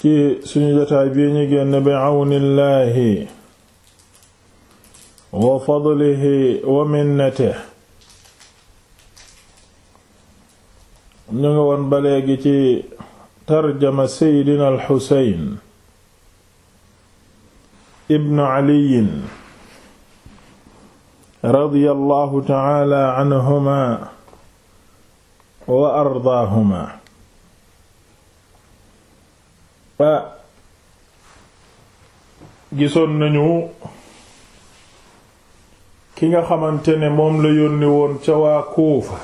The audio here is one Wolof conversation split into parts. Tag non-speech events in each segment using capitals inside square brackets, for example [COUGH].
ci suñu jotaay bii ñu génn bi àwnillaahi wa fadlihi wa minnatihi ñu ngi woon ba léegi ci tarjama seydina alxuseyn ibnu caliyin radiyallahu taala anhuma wa ardaahuma gisoon nañu ki nga xamante ne moom la yónni woon ca waa Kuufa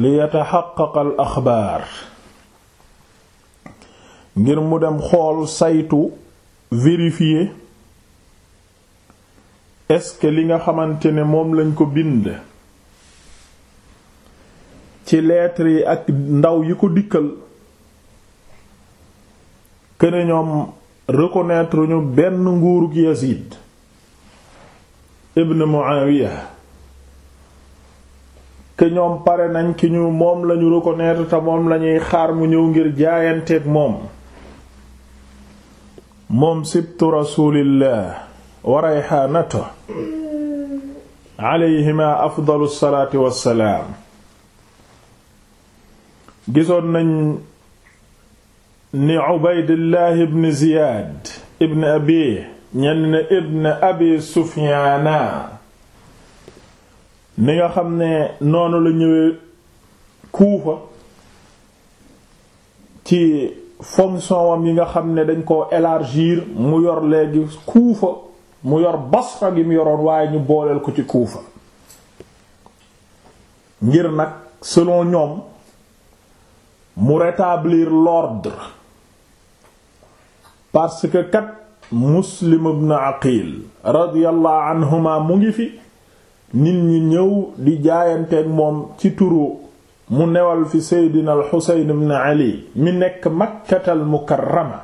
li yataxaqaqa al axbaar ngir mu dem xool saytu vérifier est-ce li nga xamante ne moom lañ ko bind ci lettre yi ak ndaw yi ko dikkal këne ñoom reconnaître ñu benn nguurug Yazid ibn Muawiya ke ñoom pare nañ ki ñu moom lañu reconnaître te moom lañuy xaar mu ñëw ngir jaayanteeg moom moom sibtu rasulillah wa rayhanatu alayhima afdalu salaatu wassalaam gisoon nañ ni Ubaydillah ibn Ziyad ibn Abi ñenn ne ibn Abi Sufyaana ni nga xam ne noonu la Kuufa ci fonction wam yi nga xam ne dañ koo élargir mu yor léegi Kuufa mu yor Basra gi mu yoroon waaye ñu booleel ko ci Kuufa ngir nag selon ñoom mu rétablir l'ordre parce que kat muslim ibn aqil radiyallahu anhuma mu ngi fi nit ñi ñëw di jaayanteeg moom ci turu mu newal fi seydina al xuseyn ali mi nekk makkatal mukarrama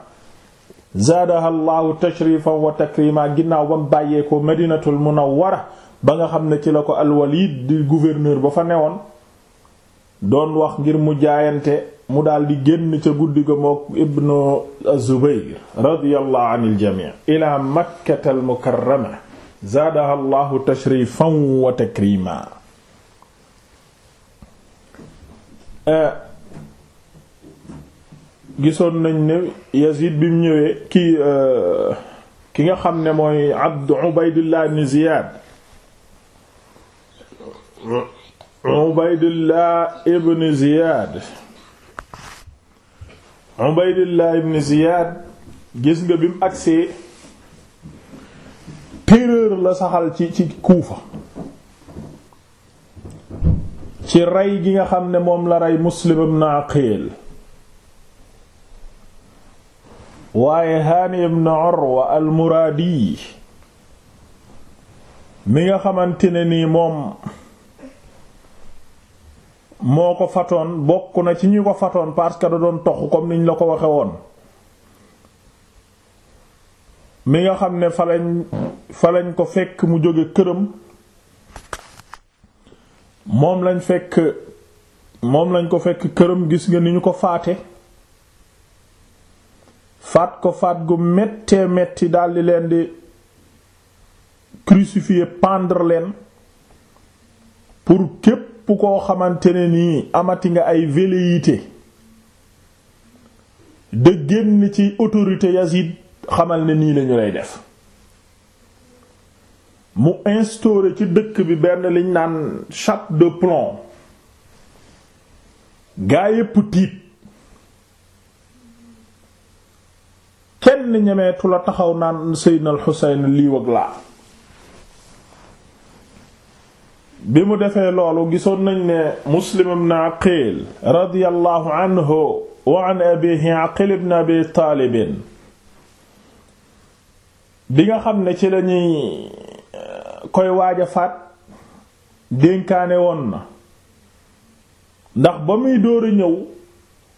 zaadaha llahu tashrifan wa takrima ginnaaw ba bàyyeekoo bàyyee ko madinatul munawwara ba nga xam ne ci la ko alwalid di gouverneur ba fa newoon doon wax ngir mu jaayante mu daldi génn ca guddi ga mook ibnu zubayr radiyallahu anil jamii ila makkata al mukarrama zaadaha allahu tashrifan wa takrima eh, gisoon nañ ne yazid bi mu ñëwee eh, ki nga xam ne mooy abdu ubaydillah ibn ziyad ubaydillah ibn ziyad Ubaydillah ibn Ziyad gis nga bimu agsee terreur la saxal ci ci Kuufa ci rey gi nga xam ne moom la rey Muslim ibn Aqil waaye Haani ibn Urwa al-Muradi mi nga xamante ni nii moom moo ko fatoon bokk na ci ñu ko fatoon parce que da doon toxu comme niñ la ko waxe woon mi nga xam ne falañ falañ ko fekk mu jóge këram moom lañ fekk moom lañ ko fekk këram gis nga ni ñu ko faate faat ko faat gu méttee métti daldi leen di crucifier pendre leen pour képp képp koo xamante ne nii amati nga ay velléité de génn ci autorité Yazid xamal ne nii lañu lay def mu instauré ci dëkk bi benn liñ naan chape de plomb gaa yépp tiit kenn ñemeetu la taxaw naan Seydina al Xuseyn lii laa bi mu defee loolu gisoon nañu ne muslim ibn aqil radiyallahu anhu wa an abihi aqil ibn abi taalibin bi nga xam ne ci lañuy eh, koy waaj a faat dénkaane woon na ndax ba muy dóor a ñëw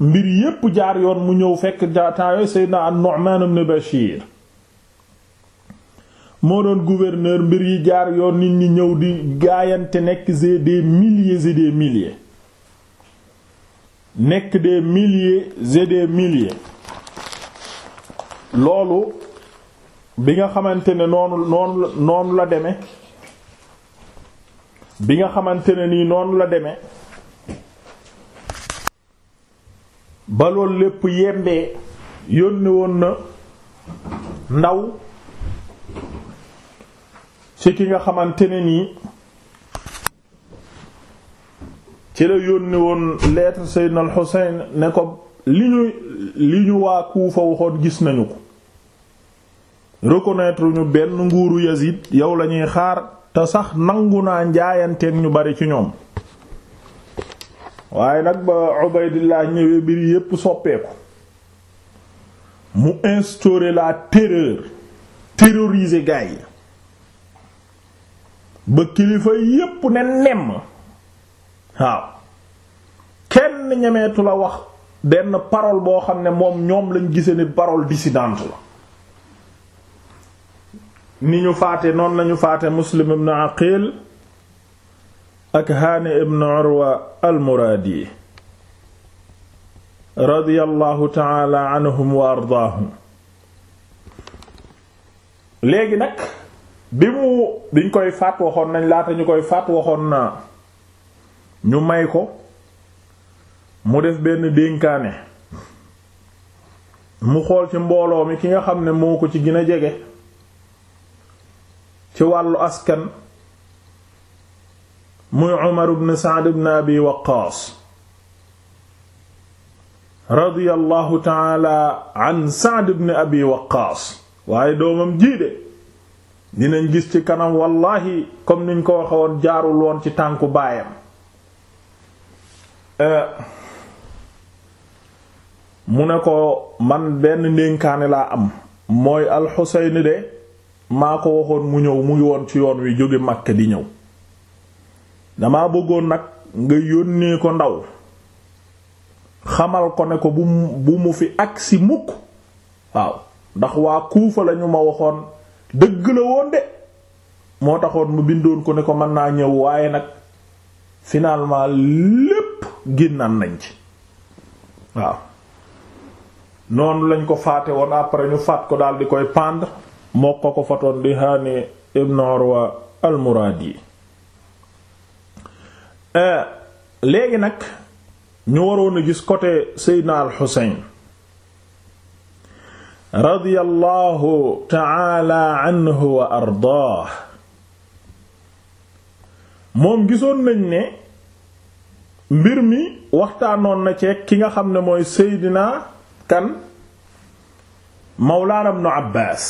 mbir yépp jaar yoon mu ñëw fekk jaataayoo seydna an-Nu'man ibn Bashir moo doon gouverneur mbir yi jaar yoon nit ñi ñëw di gaayante nekk des milliers et des milliers nekk des milliers et des milliers loolu bi nga xamante ne noonu la deme bi nga xamante ne nii noonu la deme ba loolu lépp yembee yónni woon na ndaw ci ki nga xamante ne nii ci la yónni woon lettre Seydina al Xuseyn ne ko li ñu li ñu waa Kuufa gis nañu ko reconnaître ñu benn nguuru Yazid yow lañuy xaar te sax nangu naa njaayanteeg ñu bari ci ñoom waaye nag ba Ubaydillah ñëwee mbir yépp soppeeku mu instaurer la terreur terroriser gaay yi ba kilifa yépp ne nemm waaw kenn ñemeetu la wax benn parole boo xam ne moom ñoom lañ gise ni parole dissidente la ni ñu faate noonu lañu faate muslim ibn aqil ak haani ibn urwa almuraadi radiyallahu taala anhum wa ardaahum léegi nag bi mu biñ koy faat waxoon nañ laata ñu koy faat waxoon na ñu may ko mu def benn dénkaane mu xool ci mbooloo mi ki nga xam ne moo ko ci gën a jege ci wàllu askan muy Umar ibn Sa'd ibn Abi Waqqaas radiyallahu ta'ala an Sa'd ibn Abi Waqqaas waaye doomam jiide dinañ gis ci kanam wallahi comme niñ ko waxe woon jaarul woon ci tànku baayam euh, mu ne ko man benn ndénkaane laa am mooy alxuseyni de maa ko waxoon mu ñëw mu ngi woon ci yoon wi jóge Makka di ñëw dama bëggoon nag nga yónnee ko ndaw xamal ko ne ko bu mu bu mu fi agsi mukk waaw ndax waa Kuufa lañu ma waxoon dëgg la woon de moo taxoon mu bindoon ko ne ko mën naa ñëw waaye nag finalement lépp génnaan nañ ci waaw noonu lañ ko faate woon après ñu faat ko daal di koy pendre moo ko ko fatoon di Haani ibn Urwa al-Muradi eh, léegi nag ñu waroon a gis côté Seydina al radiyallahu ta'ala anhu wa ardaah moom gisoon nañ ne mbir mi waxtaanoon na ceeg ki nga xam ne mooy Seydina kan Mawlaana Ibnu Abbaas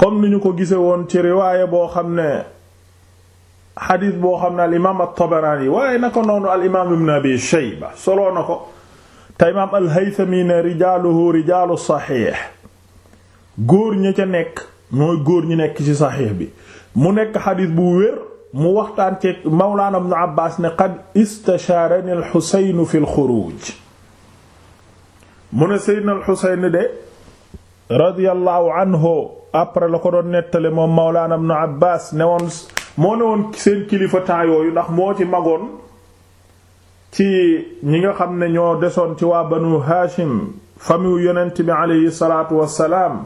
comme ni ko gise woon ci riwaaya boo xam ne xadiis boo xam ne al imaam at-Tabaraani waaye naka noonu al imaam Ibnu Abi na ko te imaam al-Haythami ne rijaaluhu rijaalu saxiix góor ña nekk mooy góor ñi nekk ci saxiix bi mu nekk xadiis bu wér mu waxtaan ci Mawlaana Ibnu Abbaas ne qad istashaarani al-Xuseyn fi al-xuruuj mu ne Seydina al-Xuseyn de radiyallahu anhu après la ko doon nettale moom Mawlaana Ibnu Abbaas ne woon moo ne woon seen kilifa temps yooyu ndax moo ci magoon ci ñi nga xam ne ñoo desoon ci waa banu haashim famille yonent bi aleyhi salaatu wassalaam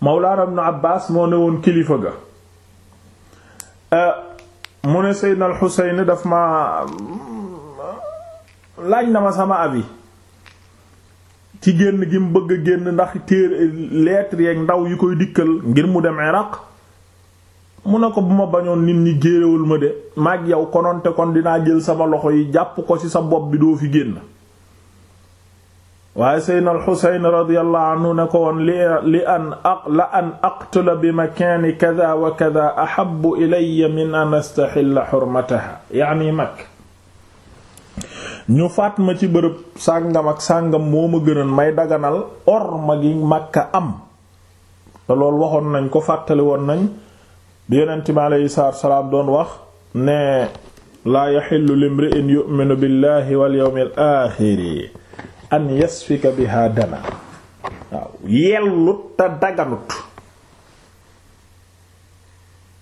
mawlaana ibnu abbaas moo ne woon kilifa ga euh, mu ne seydna al xuseyn daf ma laaj na ma sama abi ci génn gi mu bëgg a génn ndax téere lettre yeeg ndaw yi koy dikkal ngir mu dem iraq mu ne ko bu ma bañoon nit ñi géréwul ma de maag yow kononte kon dinaa jël sama loxo yi jàpp ko ci sa bopp bi doo fi génn waaye seydna alxusayn radiyallahu anhu ne ko woon li an la an bi makaani kada wa kada ahabu ilaya ñu faat ma ci bërëb sàngam ak sàngam moo ma may daganal ma gi Makka am te loolu waxoon nañ ko fàttali woon nañ bi yonent bi aleyhi salaatu salaam doon wax ne laa yaxillu limri'in yu'minu billahi wal yawmil aaxiri an yasfika biha dama yellut te daganut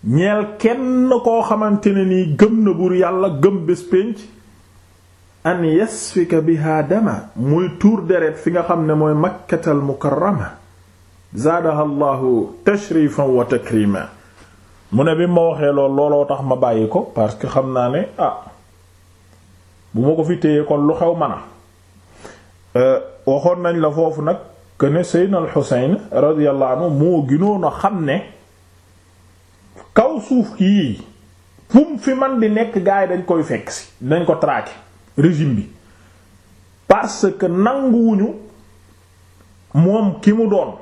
ñeel kenn koo xamante ne nii gëm na buur yàlla gëm bés pénc an yasfika biha dama muy tuur deret fi nga xam ne mooy makkatal mukarrama zaadaha allahu tashrifan wa takrima mu ne bi ma waxee lool looloo tax ma bàyyi ko parce que xam naa ne ah bu ma ko fi téye kon lu xew man a euh, waxoon nañ la foofu nag que ne Seydina Al Xuseyn radiyallahu anhu moo gënoon a xam ne kaw suuf yii fu fi man di nekk gars yi dañ koy fekk si dañ ko traqué régime bi parce que nanguwuñu moom ki mu doon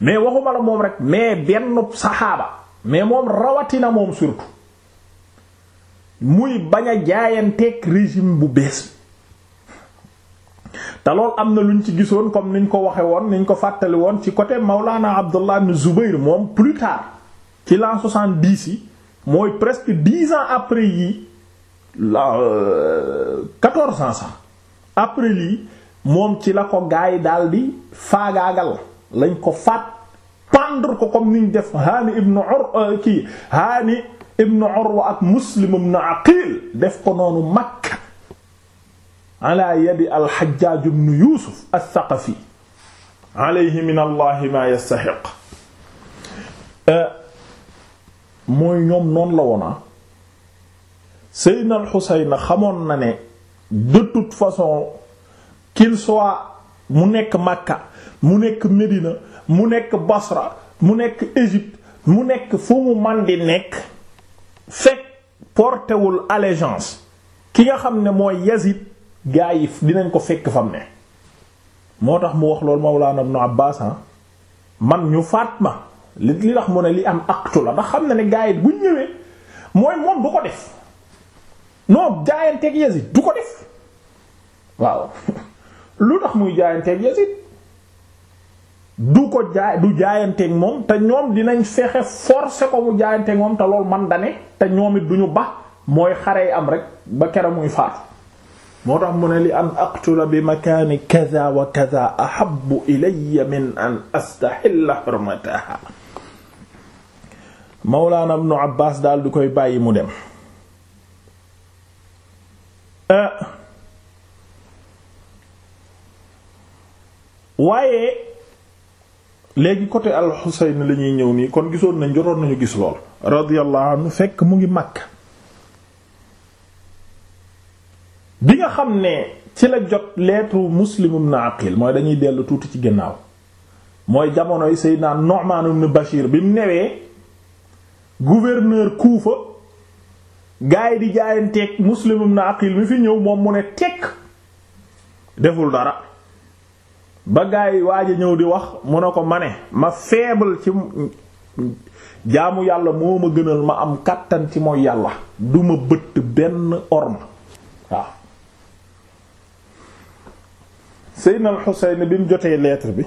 mais waxuma la moom rek mais benn saxaaba mais moom rawatina moom surtout muy bañ a jaayanteeg régime bu bees te lool am na lu luñ ci gisoon comme niñ ko waxe woon niñ ko fàttali woon ci côté Maulana Abdullah ibn Zubayr moom plus tard ci l'an soixante-dix yi mooy presque dix ans après yi la euh, quatorze ans sax moom ci la ko gaay daldi faagaagal lañ ko faat fendre ko comme niñ def Haani ibnu Urwa euh, kii Haani ibnu Urwa ak Muslim ibnu Aqil def ko noonu Makka ala yadi al-Hajjaj ibnu Yusuf ath-Thaqafi alayhi min Allah ma yastahiq euh, mooy ñoom noonu la woon ah. Seydina al-Husayn xamoon na ne de toute façon qu'il soit mu nekk Makka mu nekk Medina mu nekk Basra mu nekk Égypte mu nekk fu mu man di nekk fekk portewul allégeance ki nga xam ne mooy Yazid gaa yi dinañ ko fekk fam ne moo tax mu wax loolu Mawlana Ibn Abbas ah, man ñu faat ma li li tax mu ne li am aktu la ba xam na ne gaa yit bu ñëwee mooy moom du ko def non jaayanteeg Yazid du ko def waaw [LAUGHS] lu tax muy jaayanteeg Yazid du ko jaay du jaayanteeg moom te ñoom dinañ fexe forcer ko mu jaayanteeg moom te loolu man dane te ñoom duñu ba mooy xarey am rek ba kera muy faatu moo tax mu ne li an aqtula bi makaani kaza wa daal du koy bàyyi mu dem eh. waaye léegi côté al-Husayn la ñuy ñëw nii kon gisoon nañ jotoon nañu gis lool radiyallahu anhu fekk mu ngi Makka bi nga xam ne ci la jot lettre Muslim ibn Aqil mooy dañuy dellu tuuti ci ginnaaw mooy jamonoy Seydina Nu'man ibn Bashir bi mu newee gouverneur Kufa gaay yi di jaayanteeg Muslim ibn Aqil mi fi ñëw moom mu ne tekk deful dara ba gaa yi waaj ñëw di wax mu ne ko mane ne ma faible ci jaamu yàlla moo ma gënal ma am kàttan ci mooy yàlla du bëtt benn orma waaw Seydina al bi mu jotee lettre bi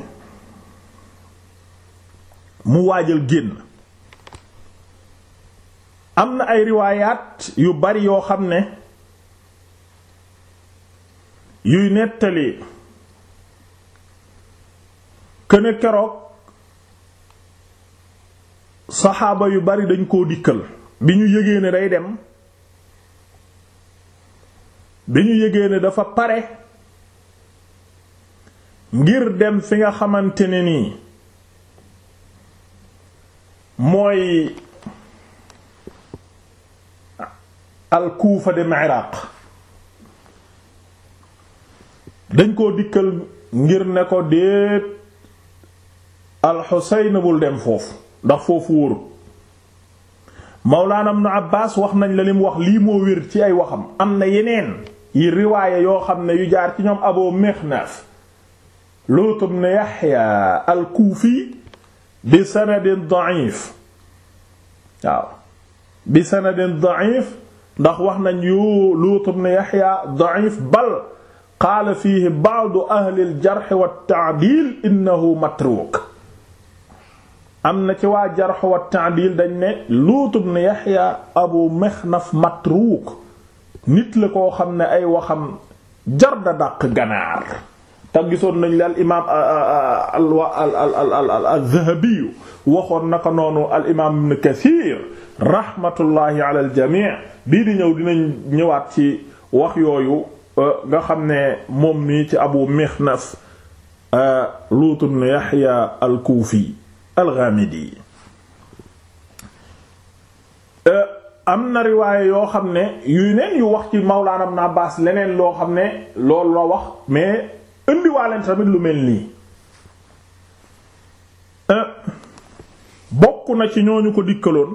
mu waajal génn am na ay riwaayaat yu bari yoo xam ne yuy nettali këne keroog saxaaba yu bari dañ koo dikkal bi ñu yëgee ne day dem bi ñu yëgee ne dafa pare ngir dem fi nga xamante ne nii mooy alkuufa dem Iraq dañ koo dikkal ngir ne ko déet alxuseyn bul dem foofu ndax foofu wóorul mawlaana ibnu abbaas wax nañ la lim wax lii moo wér ci ay waxam am na yeneen yi riwaaye yoo xam ne yu jaar ci ñoom abu mixnaf luut ibnu yaxya alkuufi bi sanadin da'if waaw bi sanadin da'if ndax wax nañ yu luut ibnu yaxya da'if bal qaala fiihi ba'du ahli al-jarh wa at-ta'dil matruk am na ci waa jarh wa ta'dil dañ ne Luut ibn Yahya Abu Mikhnaf matruuk nit la koo xam ne ay waxam jar da dàq ganaar te gisoon nañ li al imaam al al al Dhahabi waxoon naka noonu al imaam Ibn Kathir rahmatullahi ala al jamii bii di ñëw dinañ ñëwaat ci wax yooyu nga xam ne moom nii ci Abu Mikhnaf Luut ibn Yahya al Kuufi al-Ghamidi euh, am na riwaaye yoo xam ne yuy neen yu wax ci Mawlaana Ibn Abbaas leneen loo xam ne loolu la wax mais indiwaaleen tamit lu mel nii euh, bokk na ci ñooñu ko dikkaloon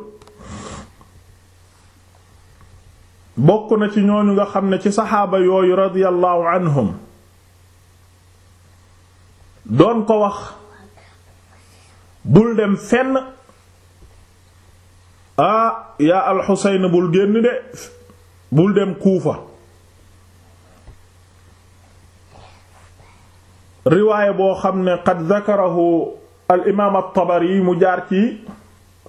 bokk na ci ñooñu nga xam ne ci saxaaba yooyu radiyallahu anhum doon ko wax bul dem fenn ah yaa alxuseyn bul génn de bul dem kuufa riwaaya boo xam ne qad dakarahu al imaam at-Tabari mu jaar ci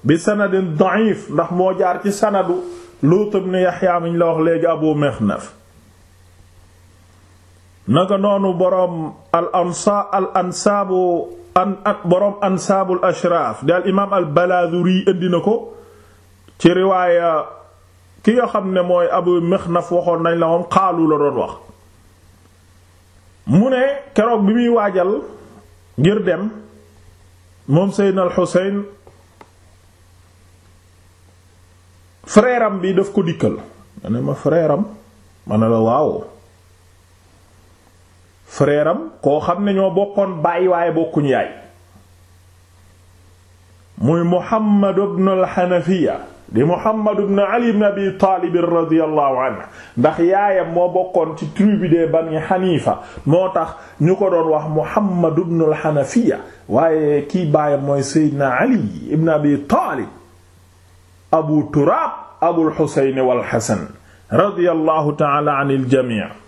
bi sanadin da'if ndax moo jaar ci sanadu Luut ibn Yaxya miñ la wax léegi Abu Mixnaf naka noonu boroom al ansa al ansaabu an boroom ansaabul ashraaf di al imaam al balaaduri indi na ko ci riwaaya ki nga xam ne mooy abu mixnaf waxoon nañ la moom xaalu la doon wax mu ne keroog bi muy waajal ngir dem moom seydna al xuseyn frère bi daf ko dikkal ma ne ma frère ma ne la waaw frère am xam ne ñoo bokkoon baay waaye bokkuñu yaay muy Muhammad ibn al di Muhammad ibn Ali ibn Abi Taalib radiyallahu anhu ndax yaayam moo bokkoon ci tribu des Bani Hanifa moo tax ñu ko doon wax Muhammad ibn al-Hanafiya waaye kii baayam mooy Seydina Ali ibn Abi Taalib Abu Turaab Abul Husayn wal Hasan radiyallahu ta'ala anil jamii'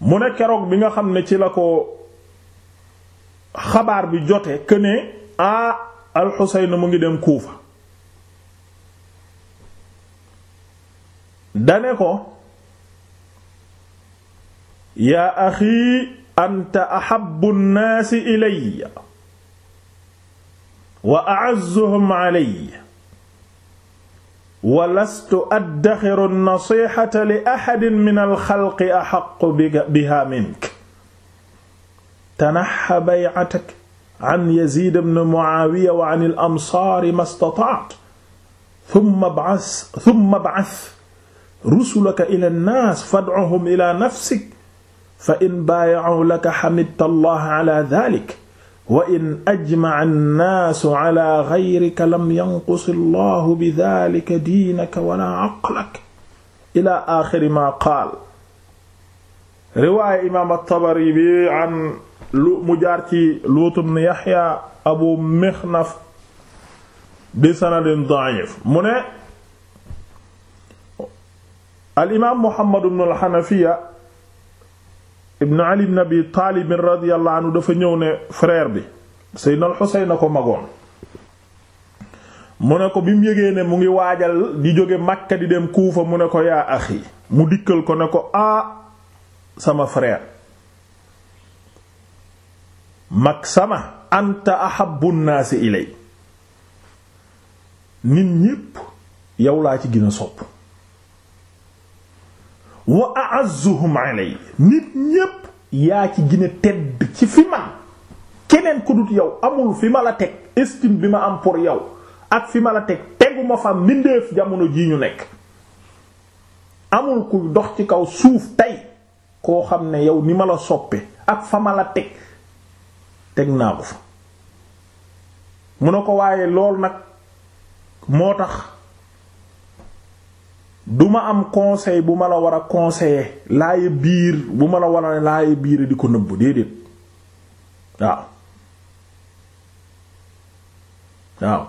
mu ne keroog bi nga xam ne ci la ko xabaar bi jote que ne a alxuseyn mu ngi dem kuufa dane ko yaa axi anta axabu nnaasi ilaya wa aazzuhum alaya walastu addaxiru nasixata li axadin min alxalqi axaqu biha mink tanaxa baycatak an yazid bn muaawiya wa an alamsaari ma stataat summa bcas summa bcas rusulaka ila nnaas fadcuhum ila nafsik fa in baayacu laka xamidta allah ala dalik wa in ajmaca annaasu cala gayrika lam yanqus allahu bi dalika diinaka wala aqlak ila axiri maa qaal riwaaya imaam altabari bi an lu mu jaar ci luutu bnu yaxya abu mixnaf bi sanadin dacif mu ne alimaam muhammad bnu alxanafiya ibn ali ibn abi taalib radiyallahu anhu dafa ñëw ne frère bi seydna alxuseyn na ko magoon mu ne ko bi mu yëgee ne mu ngi waajal di jóge Makka di dem Kuufa mu ne ko yaa axi mu dikkal ko ne ko ah sama frère mag sama anta naa naasi ilay nit ñépp yow laa ci gën a sopp wa a'azzuhum alay nit ñépp yaa ci gën a tedd ci fi man keneen ku dut yow amul fi ma la teg estime bi ma am pour yow ak fi ma la teg teguma fa mbindeef jamono jii ñu nekk amul ku dox ci kaw suuf tey koo xam ne yow ni ma la soppe ak fa ma la teg teg naa ko fa mu ne ko waaye lool nag moo tax duma am conseil bu ma la war a conseiller laaye biir bu ma la war a laaye biir di ko nëbb déedéet waaw waaw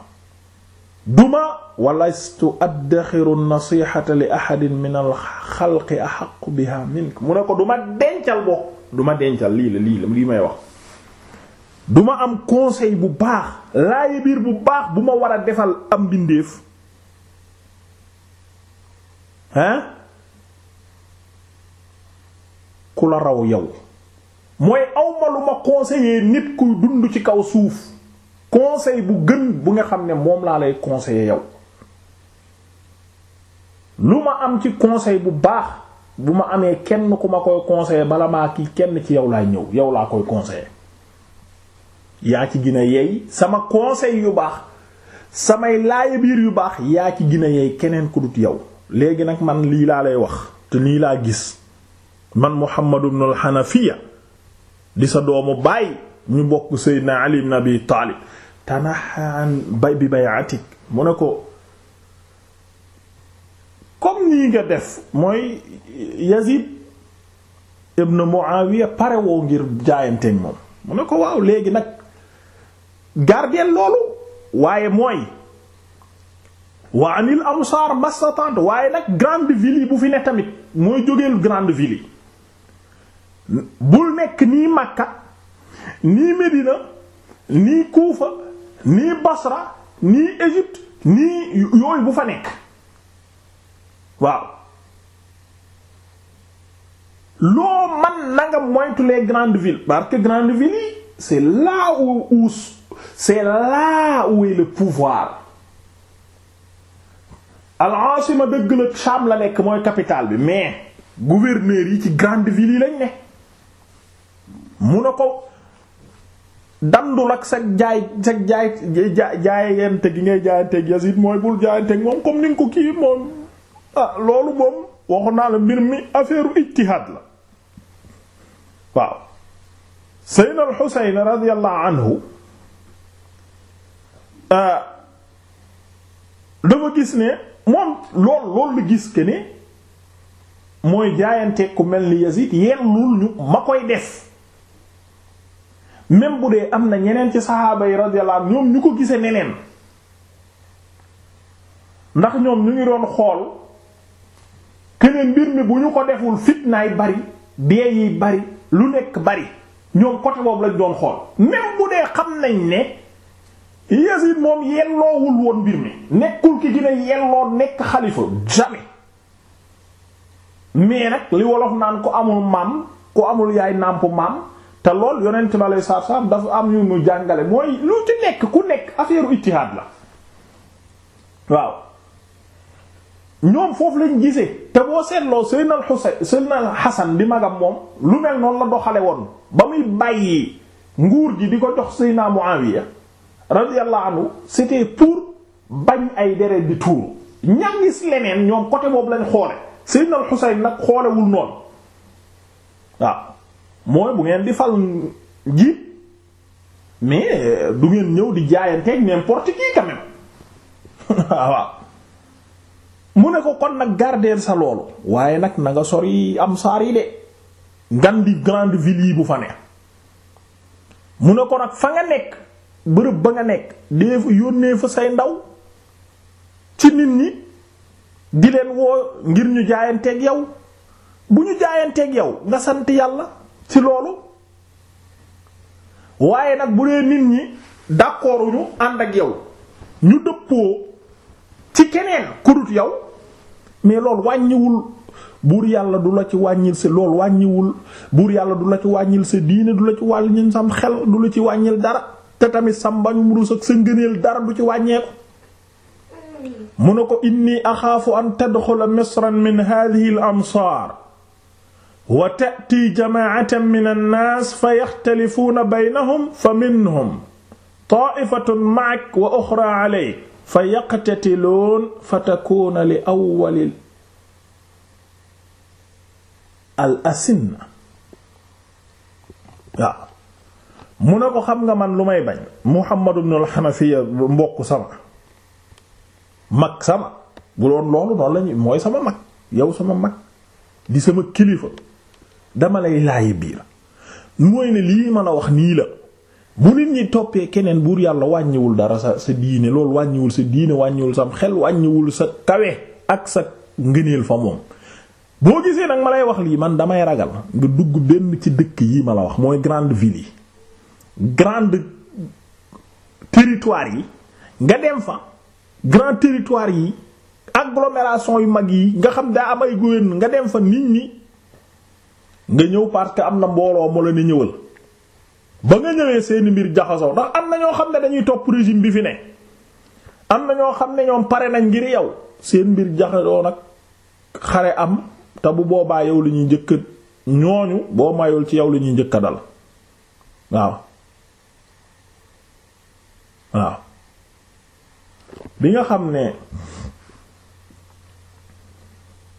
duma walastu addaxiru nasixata li ahadin min al xalqi axaqu biha mink mu ne ko duma dencal bokk duma dencal lii la lii la lii may wax duma am conseil bu baax laaye biir bu baax bu ma war a defal am bindeef ku la raw yow mooy awma lu ma conseiller nit kuy dund ci kaw suuf conseil bu gën bu nga xam ne moom laa lay conseiller yow lu ma am ci conseil bu baax bu ma amee kenn ku ma koy conseiller bala maa kii kenn ci yow laay ñëw yow laa koy conseiller yaa ci gina yeey sama conseil yu baax samay laaya biir yu baax yaa ci gina yeey keneen ku dut yow léegi nag man lii laa lay wax te nii laa gis man Muhammad ibn al-Hanafiya di sa doomu baay ñu bokk Seydina Ali ibn Abi Taalib tanaxaan bay bi bay'atik mu ne ko comme nii nga def mooy Yazid ibn Muawiya pare woo ngir jaayanteeg moom mu ne ko waaw léegi nag gardeel loolu waaye mooy wa anil amsaar mastatante waaye nag grande ville yi bu fi ne tamit mooy jógeel grande ville yi bul nekk nii Makka nii Medina nii Kuufa nii Basra nii Égypte nii yooyu bu fa nekk waaw loo man na nga moytu les parce que grandes villes yi c'est là où où c'est là où le pouvoir al-Asima dëgg la Sham la nekk mooy capitale bi mais gouverneur yi ci grande ville yi lañ ne mu ne ko dandul ak sa jaay sa jaay jaayante gi ngay jaayanteeg Yazid mooy bul jaayanteeg moom comme ni nga ko kii moom ah, loolu moom waxu naa la mbir mi affaire ijtihaad la waaw Seydina al-Husayn anhu ah, dafa gis ne moom lool loolu lu gis que ne mooy jaayante ku mel ni Yazid yellul ñu ma koy def même bu dee am na ñeneen ci saxaaba yi radiyallahu anhum ñoom ñu ko gisee neneen ndax ñoom ñu ngi doon xool keneen mbir mi bu ñu ko deful fitnaay bari dee yi bari lu nekk bari ñoom côté boobu lañ doon xool même bu dee xam nañ ne. Yazid moom yelloowul woon mbir mi nekkul ki gën yelloo nekk xalifa jamais mais nag li wolof naan ko amul maam ko amul yaay nàmpu maam te lool yonent bi aleyhi salaatu salaam dafa am ñu mu jàngale mooy lu ci nekk ku nekk affaire ittihaad la waaw ñoom foofu lañ gise te boo seetloo Seydina Al-Husayn Seydina Al-Hasan di magam moom lu mel noonu la doxale woon ba muy bàyyi nguur gi di ko jox Seydina Muawiya radiyallahu anhu c'était pour bañ ay deret di tuuru ñangis leneen ñoom côté boobu lañ xoole Seydina al nag xoolewul noonu waaw mooy bu ngeen di fal njiit mais euh, du ngeen ñëw di jaayanteeg n'importe qui quand même [LAUGHS] waaw mu ne ko kon nag garder sa loolu waaye nag na nga sori am saar yi de ngan di grande ville yi bu fa ne mu ne ko nag fa nga nekk bërëb ba nga nekk dee fa yónnee fa say ndaw ci nit ñi di leen woo ngir ñu jaayanteeg yow bu ñu jaayanteeg yow nga sant yàlla ci loolu waaye nag bu dee nit ñi d'accordu ñu ànd ak yow ñu dëppoo ci keneen ku dut yow mais loolu wàññiwul buur yàlla du la ci wàññil si lool wàññiwul buur yàlla du la ci wàññil sa diine du la ci wàññil sam xel du la ci wàññil dara te tamit sa mbañum rus du ci wàññeeku mu ko inni axaafu an tadxula misran min hadihi al amsaar wa min an-naas fa yaxtalifuuna baynahum fa minhum taa'ifatun ma'ak wa uxraa alayk mu ne ko xam nga man lu may bañ Muhammad ibn al-Hanafiya mbokk sama mag sama bu doon loolu noonu lañu mooy sama mag yow sama mag di sama kilifa dama lay laayi biir mooy ne lii ma la wax nii la bu nit ñi toppee keneen buur yàlla wàññiwul dara sa sa diine loolu wàññiwul sa diine wàññiwul sam xel wàññiwul sa kawe ak sa ngëneel fa moom boo gisee nag ma lay wax lii man damay ragal nga dugg benn ci dëkk yi ma la wax mooy grande ville grande territoire yi nga dem fa grand territoire yi agglomération yu mag yi nga xam daa am ay gouverne nga dem fa nit ñi nga ñëw parce que am na mbooloo moo la ni ñëwal ba nga ñëwee seeni mbir jaxasoo ndax am na ñoo xam ne dañuy topp régime bi fi ne am na ñoo xam ne ñoom pare nañ ngir yow seen mbir jaxasoo nag xare am te bu boobaa yow li ñuy njëkk ñooñu boo mayul ci yow li ñuy njëkk a dal waaw waaw bi nga xam ne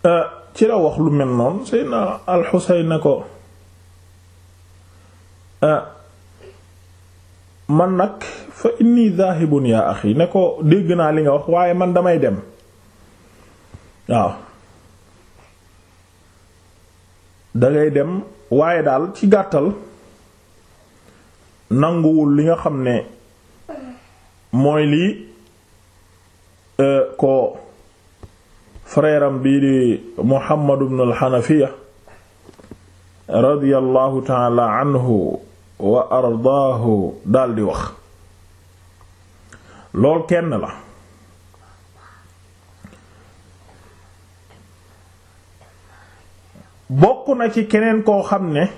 euh, ci la wax lu mel noonu Seydina Al-Husayn na ko euh, man nag fa inni dhaahibun yaa axi ne ko dégg naa li nga wax waaye man damay dem waaw dangay dem waaye daal ci gàttal nanguwul li nga xam ne mooy lii euh, ko frère am bii di Muhammad radiyallahu ta'ala anhu wa ardaahu daldi wax lool kenn la bokk na ci keneen koo xam ne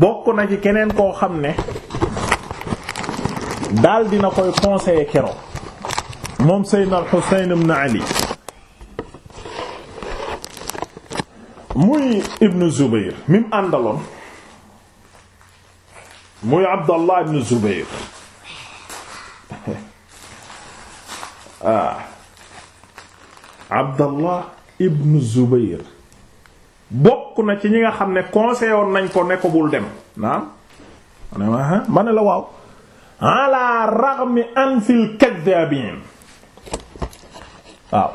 bokk na ci keneen koo xam ne daal dina koy conseiller keroog moom Seydina al-Husayn ibn Ali muy Ibn Zubayr mi mu àndaloon muy Abdallah ibn Zubayr [LAUGHS] ah Abdallah ibn Zubayr bokk na ci ñi nga xam ne conseillé woon nañ ko ne ko bul dem naam ma ne ah, la waaw ala raghmi anfil kadhabin waaw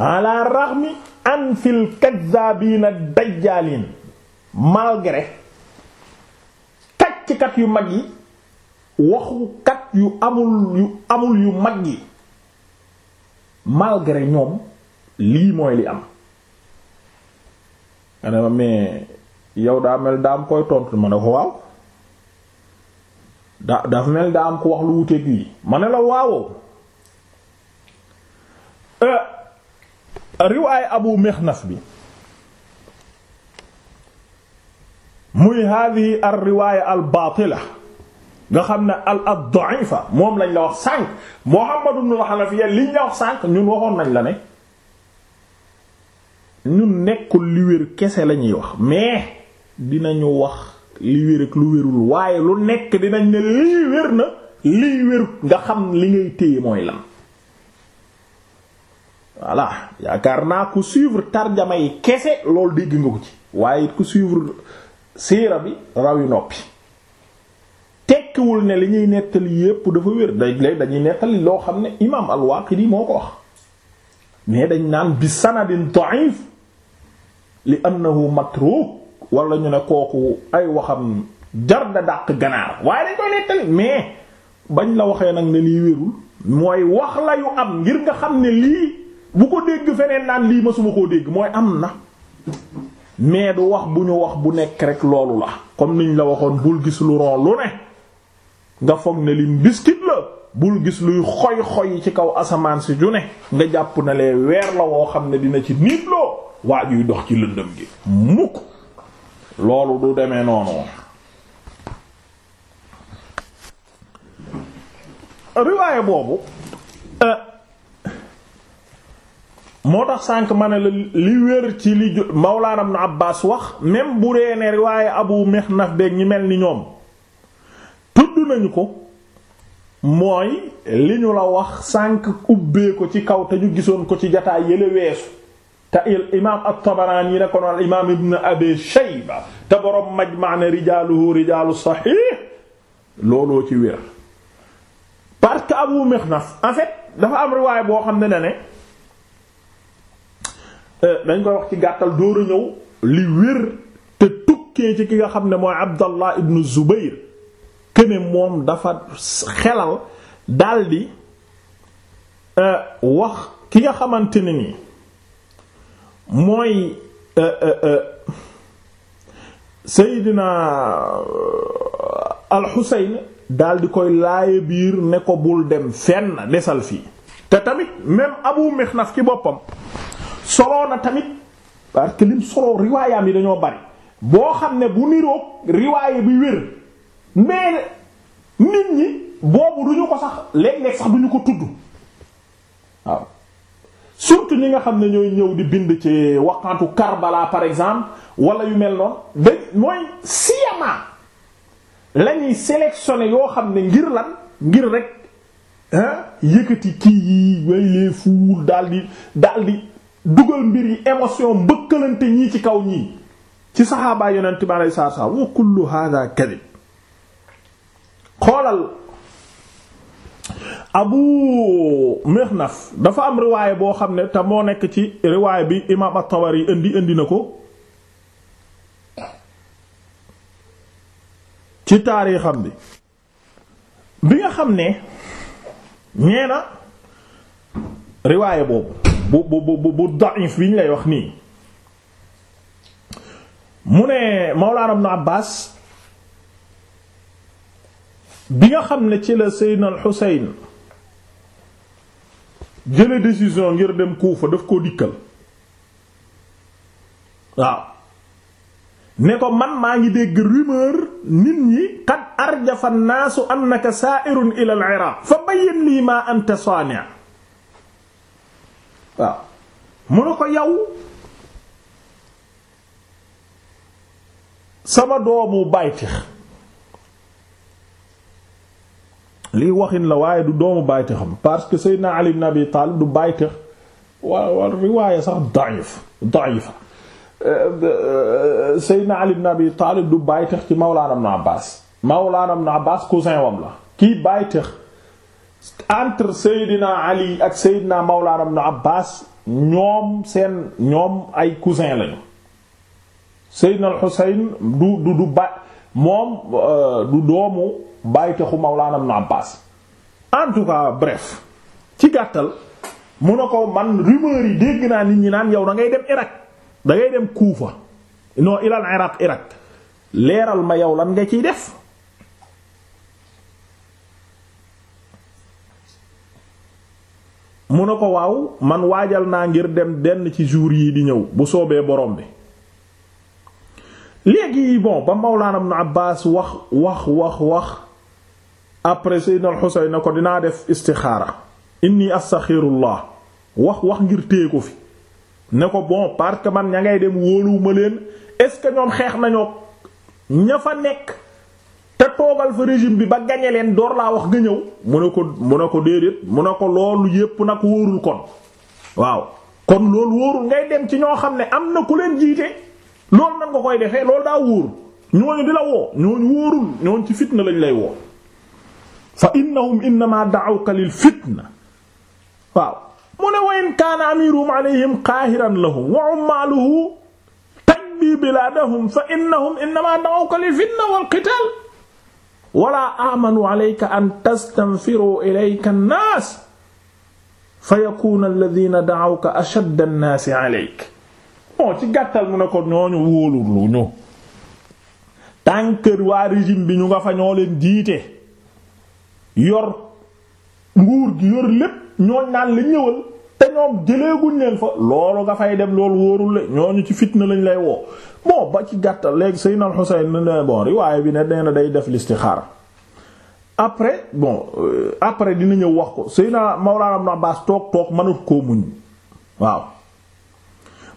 ala raghmi anfil kadhabin dajjalin malgré kàcckat yu mag yi waxukat yu amul yu amul yu mag yi malgré ñoom lii mooy li am nga mais yow daa mel daa am koy tontu ma ne ko waaw da dafa mel daa am ko wax lu wuteeg lii ma ne la waawoo euh, riwaay abu mixnaf bi muy hadihi ar riwaaya al baatila nga xam ne al ad-da'ifa moom lañ la wax sànq Muhammad ibn al-Hanafiya liñ la wax sànq ñun waxoon nañ la ne ñun nekkul li wér kese la ñuy wax mais dinañu wax li wér ak lu wérul waaye lu nekk dinañ ne lii wér na lii wérut nga xam li ngay téye mooy lan voilà yaakaar naa ku suivre tarjama yi kese loolu dégg nga ko ci waaye it ku suivre siira bi raw yi noppi tekkiwul ne li ñuy nettali yépp dafa wér day dañuy nettali loo xam ne imaam al-Waaqidi moo ko wax mais dañ naan bi sanadin da'if li annahu matruk walla ñu ne kooku ay waxam jar da dàq ganaar waaye dañ koy nettali mais bañ la waxee nag ne lii wérul mooy wax la yu am ngir nga xam ne lii bu ko dégg feneen naan lii suma koo dégg mooy am na mais du wax bu ñu wax bu nekk rek loolu la comme niñ la waxoon bul gis lu ron lu ne nga foog ne li biscuit la bul gis luy xoy xoy ci kaw asamaan si ju ne nga jàpp na lee weer la woo xam ne dina ci niit loo waajuy dox ci lëndëm gi mukk loolu du demee noonu riwaaye boobu euh, moo tax sànq ma ne la li wér ci li Mawlaana Ibn Abbaas wax même bu dee ne riwaaye Abu Mixnaf beeg ñi mel ni ñoom tudd nañu ko mooy li ñu la wax sànq ubbee ko ci kaw te ñu gisoon ko ci jataay yële weesu te imaam at-Tabarani na ko noon imaam Ibn Abi Shayba te borom Majma' ne rijaaluhu rijaalu saxiix looloo ci wér parce que Abu Mikhnaf en fait dafa am riwaay boo xam ne ne euh, dañ koy wax ci gàttal dóor a ñëw li wér te tukkee ci ki nga xam ne mooy Abdallah Ibn Zubayr kene moom dafa xelal daldi euh, wax ki nga xamante ne nii. mooy euh, euh, euh, Seydina Al-Husayn daal di koy laaye biir ne ko bul dem fenn desal fii te tamit même Abu Mikhnaf ci boppam soloo na tamit parce que soloo riwaayam yi dañoo bari boo xam ne bu niroog riwaaya bi wér mais nit ñi boobu duñu ko sax léeg-léeg sax duñu ko tudd waaw surtout ñi nga xam ne ñooy ñëw di bind ci waqantu Karbala par exemple walla yu mel noonu da mooy siyama la ñuy yoo xam ne ngir lan ngir rek yëkkati kii yi way les foules daal di daal di dugal mbir yi émotion mbëkkalante ñii ci kaw ñii ci saxaabaa yonent bi alei saatu salam wa kullu hadha kadhib xoolal abu Mikhnaf dafa am riwaay boo xam ne te moo nekk ci riwaay bi imaam at-Tabari indi indi na ko ci taarixam bi bi nga xam ne ñee na riwaay boobu bu bu bu bu da'if bi wax nii mu ne bi nga xam ne ci la Seydina al jële décision ngir dem Kuufa daf koo dikkal waaw ne ko man maa ngi dégg rumeur nit ñi qad arjafa naasu annaka saa'irun ila al-Iraq fa bayyin lii ma anta saani' waaw mu ne ko yow sama doomu baytix lii waxin la waaye du doomu bàyyi xam parce que Seydina Ali ibn Abi Talib du bàyyi tax waaw riwaaya sax da'if da'ifa euh, Seydina du bàyyi tax ci Mawlaana Ibn Abbaas Mawlaana Ibn Abbaas cousin wam la kii bàyyi tax entre Seydina Ali ak Seydina Abbaas ñoom seen ñoom ay cousin lañu Seydina al-Husayn du du du moom euh, du doomu bàyyitaxu Mawlaana Ibn Abbaas en tout cas bref ci gàttal mu ne ko man rumeur yi dégg naa nit ñi naan yow da ngay dem Irak dangay ngay dem Kuufa non ilal Irak leeral ma yow lan nga ciy def mu ne ko waaw man waajal naa ngir dem denn ci jour yi di ñëw bu soobee borom bi léegi bon ba Mawlaana Ibn Abbaas wax wax wax wax après Seydina al-Husayn na ko dinaa def istixaara inni astaxirullah wax wax ngir téye ko fi ne ko bon parce que man ña ngay dem wóoluwuma leen est-ce que ñoom xeex nañoo ña fa nekk te toogal fa régime bi ba gañe leen door laa wax nga ñëw mu ne ko mu ne ko déedéet mu ne ko loolu yépp nag wóorul kon waaw kon loolu wóorul ngay dem ci ñoo xam ne am na ku leen jiite loolu nan nga koy defee loolu daa wóor ñooñu di la woo ñooñu fitna lañ lay woo fa innahum innama lil fitna waaw mu ne wayn kaana amiruhum alayhim qaahiran lahum wa ummaaluhu tajbi bilaadahum fa innahum lil fitna wal qitaal wala amanu alayka an tastanfiru ilayka an-naas fa yakuuna alladhiina da'awka ashadda an bon ci gàttal mu ne ko ñooñu wóolul ñu tànkër waa régime bi ñu nga fa ñoo leen jiite yor nguur gi yor lépp ñooñ naan la ñëwal te ñoom jëleeguñ leen fa loolu nga fay dem loolu wóorul la ñooñu ci fitna lañ lay woo bon ba ci gàttal léegi Seydina al-Husayn ne bon riwaaye bi ne nee na day def listixaara après bon euh, après dina ñëw wax ko Seydina Mawlana Ibn Abbas toog toog mënut koo muñ waaw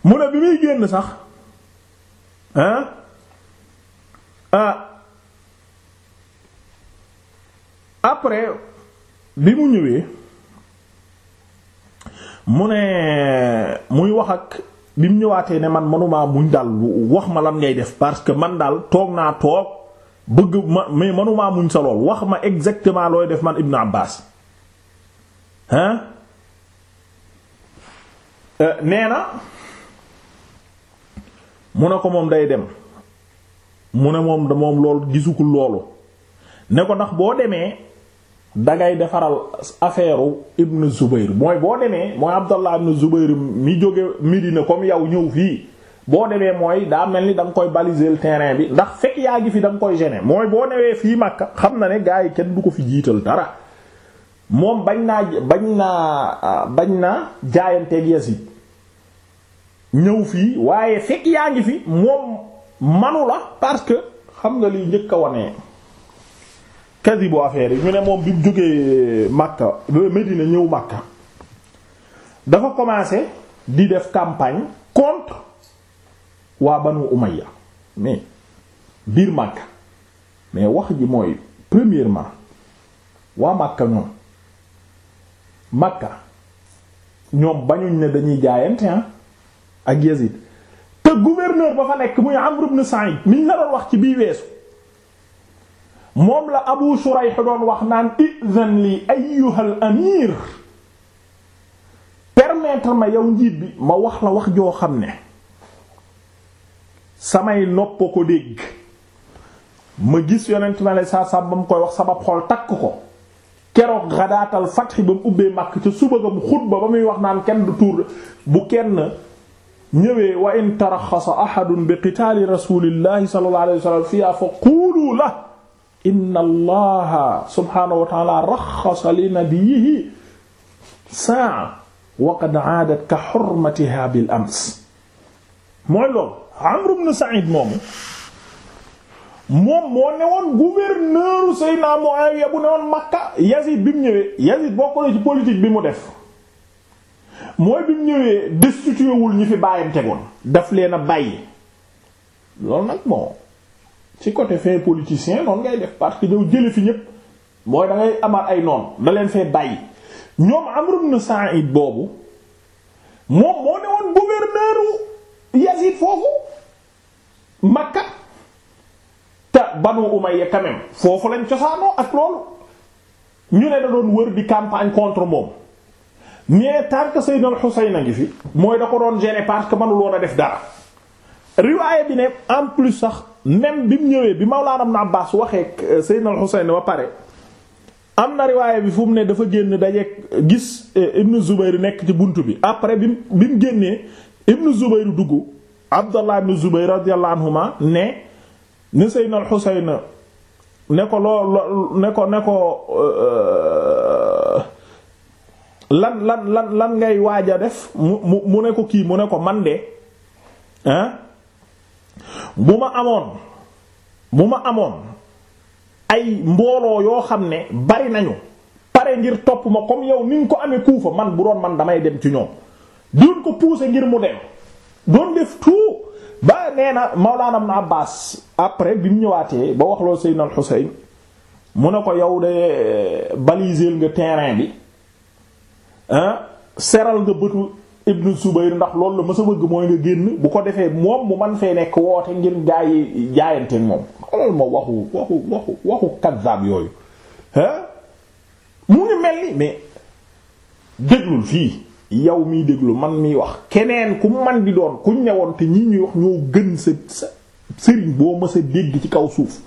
mu ne bi muy génn sax ah après bi mu ñëwee mu ne muy wax ak bi mu ñëwaatee ne man manuma muñ daal wax ma lan ngay def parce que man daal toog naa toog bëgg ma mais manuma muñ sa lool wax ma exactement looy def man Ibn Abbas hein euh, nee na mu ne ko moom day dem mu ne moom da moom loolu gisukul loolu ne ko ndax boo demee dangay defaral affaire Ibn Zubair mooy boo demee mooy Abdallah Ibn Zubair mi jóge Medina comme yow ñëw fii boo demee mooy daa mel ni danga nga koy baliser terrain bi ndax fekk yaa ngi fi da koy gêner mooy boo newee fii Makka xam na ne gaa yi kenn du ko fi jiital dara moom bañ naa bañ naa bañ naa jaayanteeg Yazid ñëw fii waaye fekk yaa ngi fi moom manu parce que xam nga li njëkk a wane kadibu affaire yi ñu ne moom bi mu jógee Makka euh, Medina ñëw Makka dafa commencé di def campagne contre waa Banu Umayya mais biir Makka mais wax ji mooy premièrement waa Makka ñoom Makka ñoom bañuñ ne dañuy jaayante ak Yazid te gouverneur ba fa nekk muy Amr ibn Sa'id miñ la doon wax ci bii weesu moom la Abu Shurayh doon wax naan izan li ayyuhal amir permettre ma yow njiit bi ma wax la wax joo xam ne samay nopp ko dégg ma gis yonent na la saa saa ba mu koy wax sabab xol takk ko keroog xadaatal fatxi ba mu ubbee màkk ca suba ba mu xutba ba muy wax naan kenn du tuur bu kenn ñëwee wa in taraxasa ahadun bi qitaali rasulillahi sallallahu alayhi wa sallam la inna allaha subhanahu wa ta'ala raxasa li nabiyyihi saa wa qad aadat ka xurmatiha bil ams mooy loolu Amr ibn Sa'id moomu moom moo ne woon gouverneur Seydina bi mu def mooy bi mu ñëwee destitué wul ñi fi baayam tegoon daf leen a bàyyi loolu nag bon ci côté fin politicien noonu ngay def parce que ñëw jële fi ñépp mooy da ngay ay noon da leen fee bàyyi ñoom Amr ibn Sa'id boobu moom moo ne woon gouverneur Yazid foofu Makka te Banu Umayya quand même foofu lañ cosaano ak loolu ñu ne da doon wër bi campagne contre moom mais tant que Seydina Al-Husayn a ngi fi mooy da ko doon gêner parce que mënul woon a def dara riwaaya bi ne en plus sax même bi mu ñëwee bi laa Mawlaana Ibn Abbaas waxee euh, Seydina Al-Husayn ba pare am na riwaaya bi fu mu ne dafa génn dajeeg gis euh, Ibn Zubayr nekk ci bunt bi après bi mu génnee Ibn Zubayr dugg Abdallah Ibn Zubayr radiyallahu anhuma ne ne Seydina Al-Husayn ne ko loo ne ko ne ko euh, lan lan lan lan ngay waaj a def mu mu mu ne ko kii mu ne ko man de bu ma amoon bu ma amoon ay mbooloo yoo xam ne bari nañu pare ngir topp ma comme yow ni nga ko amee kuufa man bu doon man damay dem ci ñoom doon ko pousser ngir mu dem doon def tout ba nee na Mawlana naa baas après bi mu ñëwaatee ba wax loolu Seydina Al mu ne ko yow de baliser nga terrain bi Ah, seral nga bëtu ibnu Zubayr ndax loolu la mësa bëgg mooy nga génn bu ko defee moom mu man fee nekk woote ngir gaa yi jaayante moom loolu ma waxu waxu waxu waxu kaddaab yooyu ah, mu ngi mel ni mais déglul fii yow miy déglu man miy wax keneen ku man di doon ku ñëwoon te ñi ñuy wax ñoo gën sa sa sëriñ boo mësa dégg ci kaw suuf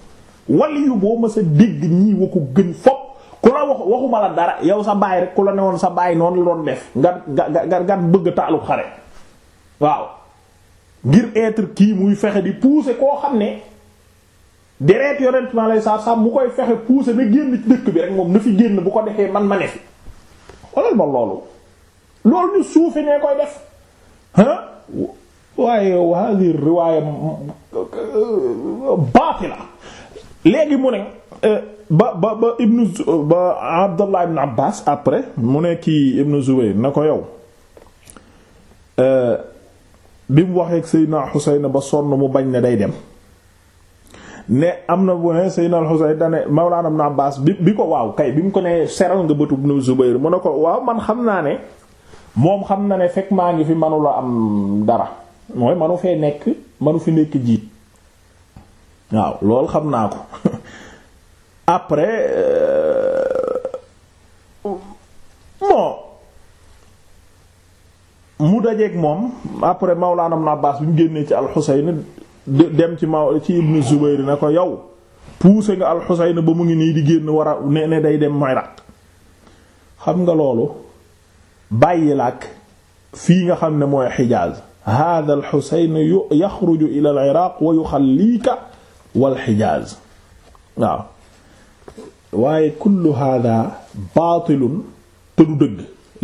waliyu boo mësa dégg ñii wa ko gën fopp ku la wax waxuma la dara yow sa baay rek ku la newoon sa baay noonu la doon def nga nga nga bëgg taalu xare waaw ngir être kii muy fexe di pousser koo xam ne deret yonent ma lay saa saa mu koy fexe pousser na génn ci dëkk bi rek moom na fi génn bu ko defee man ma ne fi xoolal ma loolu loolu ñu suufe nee koy def ah waaye hadi riwaaya baatila léegi mu ne ba ba ba ibnu ba abdallah ibn abbas après mu ne kii ibnu zubayr na ko yow euh, bi mu waxee ak seydina xuseyn ba sonn mu bañ ne day dem ne am na bu ne seydina xuseyn dane mawlaana ibn bi ko waaw kay bi mu ko ne seral nga bëtu ibnu zubayr mu ko waaw man xam naa ne moom xam na ne fekk maa ngi fi manula am dara mooy manu fee nekk manu fi nekk jiit waaw loolu xam naa ko [LAUGHS] après euh, bon mu dajeek moom après Mawlaana Ibn Abbaas bi mu génnee ci Al-Husayn dem ci ma ci Ibn Zubayr ne ko yow poussé nga al ba mu ngi nii di génn war a ne ne day dem Iraq xam nga loolu bàyyi laak fii nga xam ne mooy Hijaaz hada Al-Husayn yaxruju ila al-Iraq wa yuxalliika wal Hijaaz waaw waaye kullu hada baatilun te du dëgg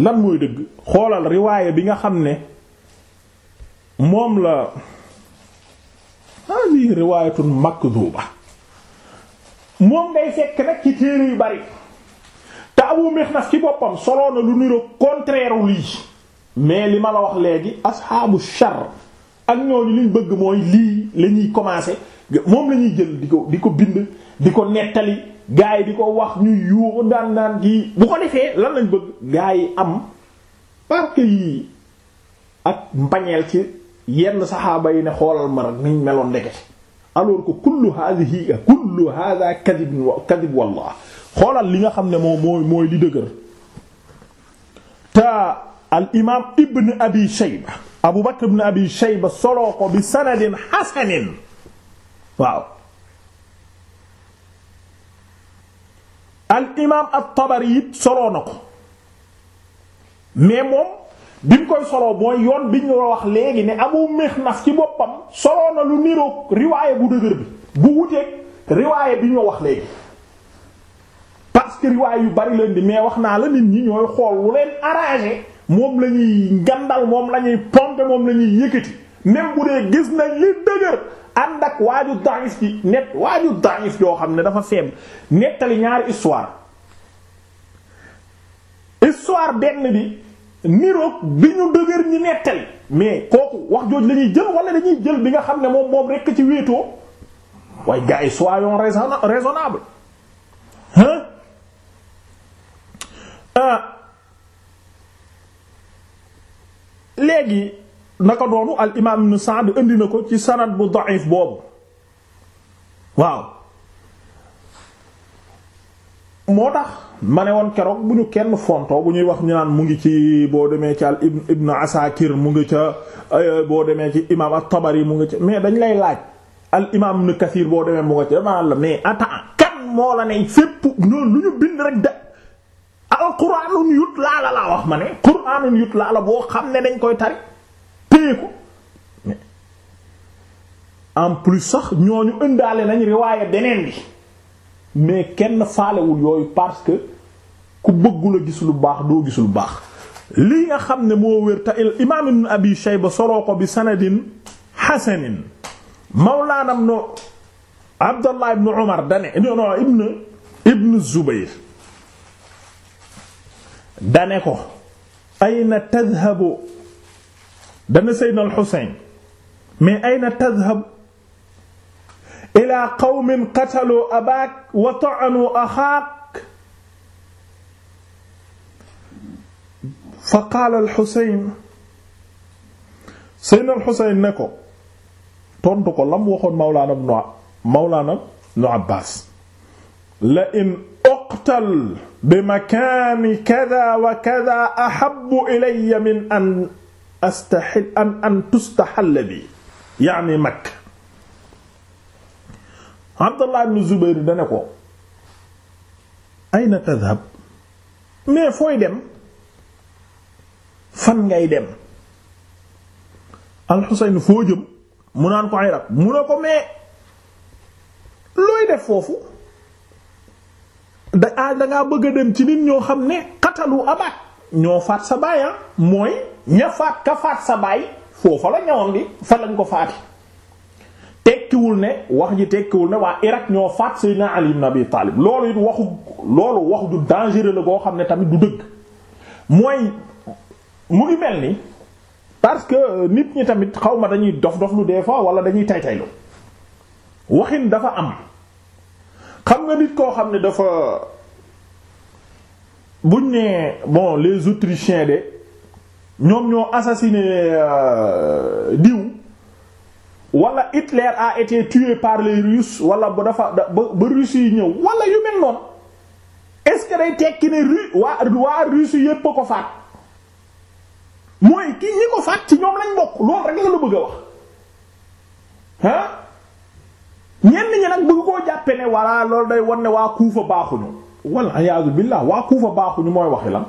lan mooy dëgg xoolal riwaaya bi nga xam ne moom la hadi riwaayatun makdhuba moom ngay fekk nag ci téere yu bari te Abu Mixnaf ci boppam solo na lu niroo contraire lii mais li ma la wax léegi asxaabu char ak ñooñu liñ bëgg mooy lii la ñuy moom lañuy ñuy jël di ko di ko bind di ko nettali gaa yi di ko wax ñu yuuxu daan daan kii bu ko defee lan lañ bëgg gaa am parce que yii ak mbañeel ci yenn saxaaba yi ne xoolal ma rek niñ meloon ndekete alors que kullu hadhihi kullu hadha wallah xoolal li nga xam ne moom mooy mooy li dëgër te al imaam ibn abi shayba abu bakr ibn abi shayba soloo ko al imaam at-Tabari it soloo na ko mais moom bi koy soloo mooy yoon bi ñu wax léegi ne Abu Mixnaf ci boppam soloo lu niroog riwaaye bu dëgër bi bu wuteeg riwaaye bi ñu wax léegi parce que riwaay yu bari leen di mais wax naa la nit ñi ñooy xool lu leen arrangé moom la ñuy ngandal moom la ñuy pomper moom la ñuy yëkkati dee gis nañ li dëgër ànd ak waaju da'if ci net waaju da'if yoo xam ne dafa feeb nettali ñaari histoire histoire benn bi niroog bi ñu dëgër ñi nettali mais kooku wax jooj lañuy jël wala dañuy jël bi nga xam ne moom moom rekk ci wéetoo waaye gars yi soyons raisonnable hein euh, léegi naka doonu al imaam ibn Sa'd indi na ko ci sanad bu da'if boobu waaw moo tax ma ne woon keroog bu ñu kenn fontoo bu ñuy wax ñu naan mu ngi ci boo demee ci al ibn ibn Asakir mu ngi ca boo demee ci imaam at-Tabari mu ngi ca mais dañ lay laaj al imaam ibn boo demee mu nga la mais attends kan moo la ne fépp lu ñu bind rek da al quraanun yut laa la laa wax ma ne quraanun yut laa la boo xam ne dañ koy tari téye en plus sax ñooñu ëndaale nañ riwaaya beneen bi mais kenn faalewul yooyu parce que ku bëggula gis lu baax doo gis lu baax lii nga xam ne moo wér te imaam ibn abi shayba soloo ko bi sanadin hasanin mawlaanam no abdallah ibn umar dane non ibn ibn zubayr dane ko ayna tadhabu dana seydna al xuseyn mais ayna tadhab ila qawmin qatalu abaak wa ta'anu axaak fa qaala al xuseyn seydna al xuseyn ne ko tontu ko lam waxoon mawlaana ibnu mawlaana ibnu abbaas la in uqtal bi makaani kadaa wa kadaa ahabbu ilayya min an astaxil an an tustaxalla bi yaani Makka Abdallah ibn Zubayr dane ko ayna tadhab mais fooy dem fan ngay dem alxuseyn foo jëm mu naan ko Iraq mu ne ko mais looy def foofu da ah, dangaa bëgg a dem ci nit ñoo xam ne katalu abaat ñoo faat sa baaya ah, mooy ña faat ka faat sa baay foofa la ñëwoon di fa lañ ko faati tekkiwul ne wax ji tekkiwul ne waa Irak ñoo faat Seydina Ali ibn Abi Talib loolu it waxu loolu wax ju dangereux la boo xam ne tamit du dëgg mooy mu ngi mel ni parce que nit ñi tamit xaw ma dañuy dof dof lu des fois wala dañuy tay taylu waxin dafa am xam nga nit koo xam ne dafa buñ ne bon les Autrichiens de. ñoom ñoo assassiné euh, diw wala Hitler a été tué par les Russes ba dafa ba ba Russes yi ñëw wala yu mel noonu est-ce que day tekki ne Ru waa waa Russes yépp a ko faat mooy ki ñi ko faat ci ñoom lañ bokk loolu rek la bëgg a wax ah ñenn ñi nag bëgg koo jàppe ne walla loolu day won ne waa Kuufa baaxuñu wala ayaazu billah waa Kuufa baaxuñu mooy waxi lan.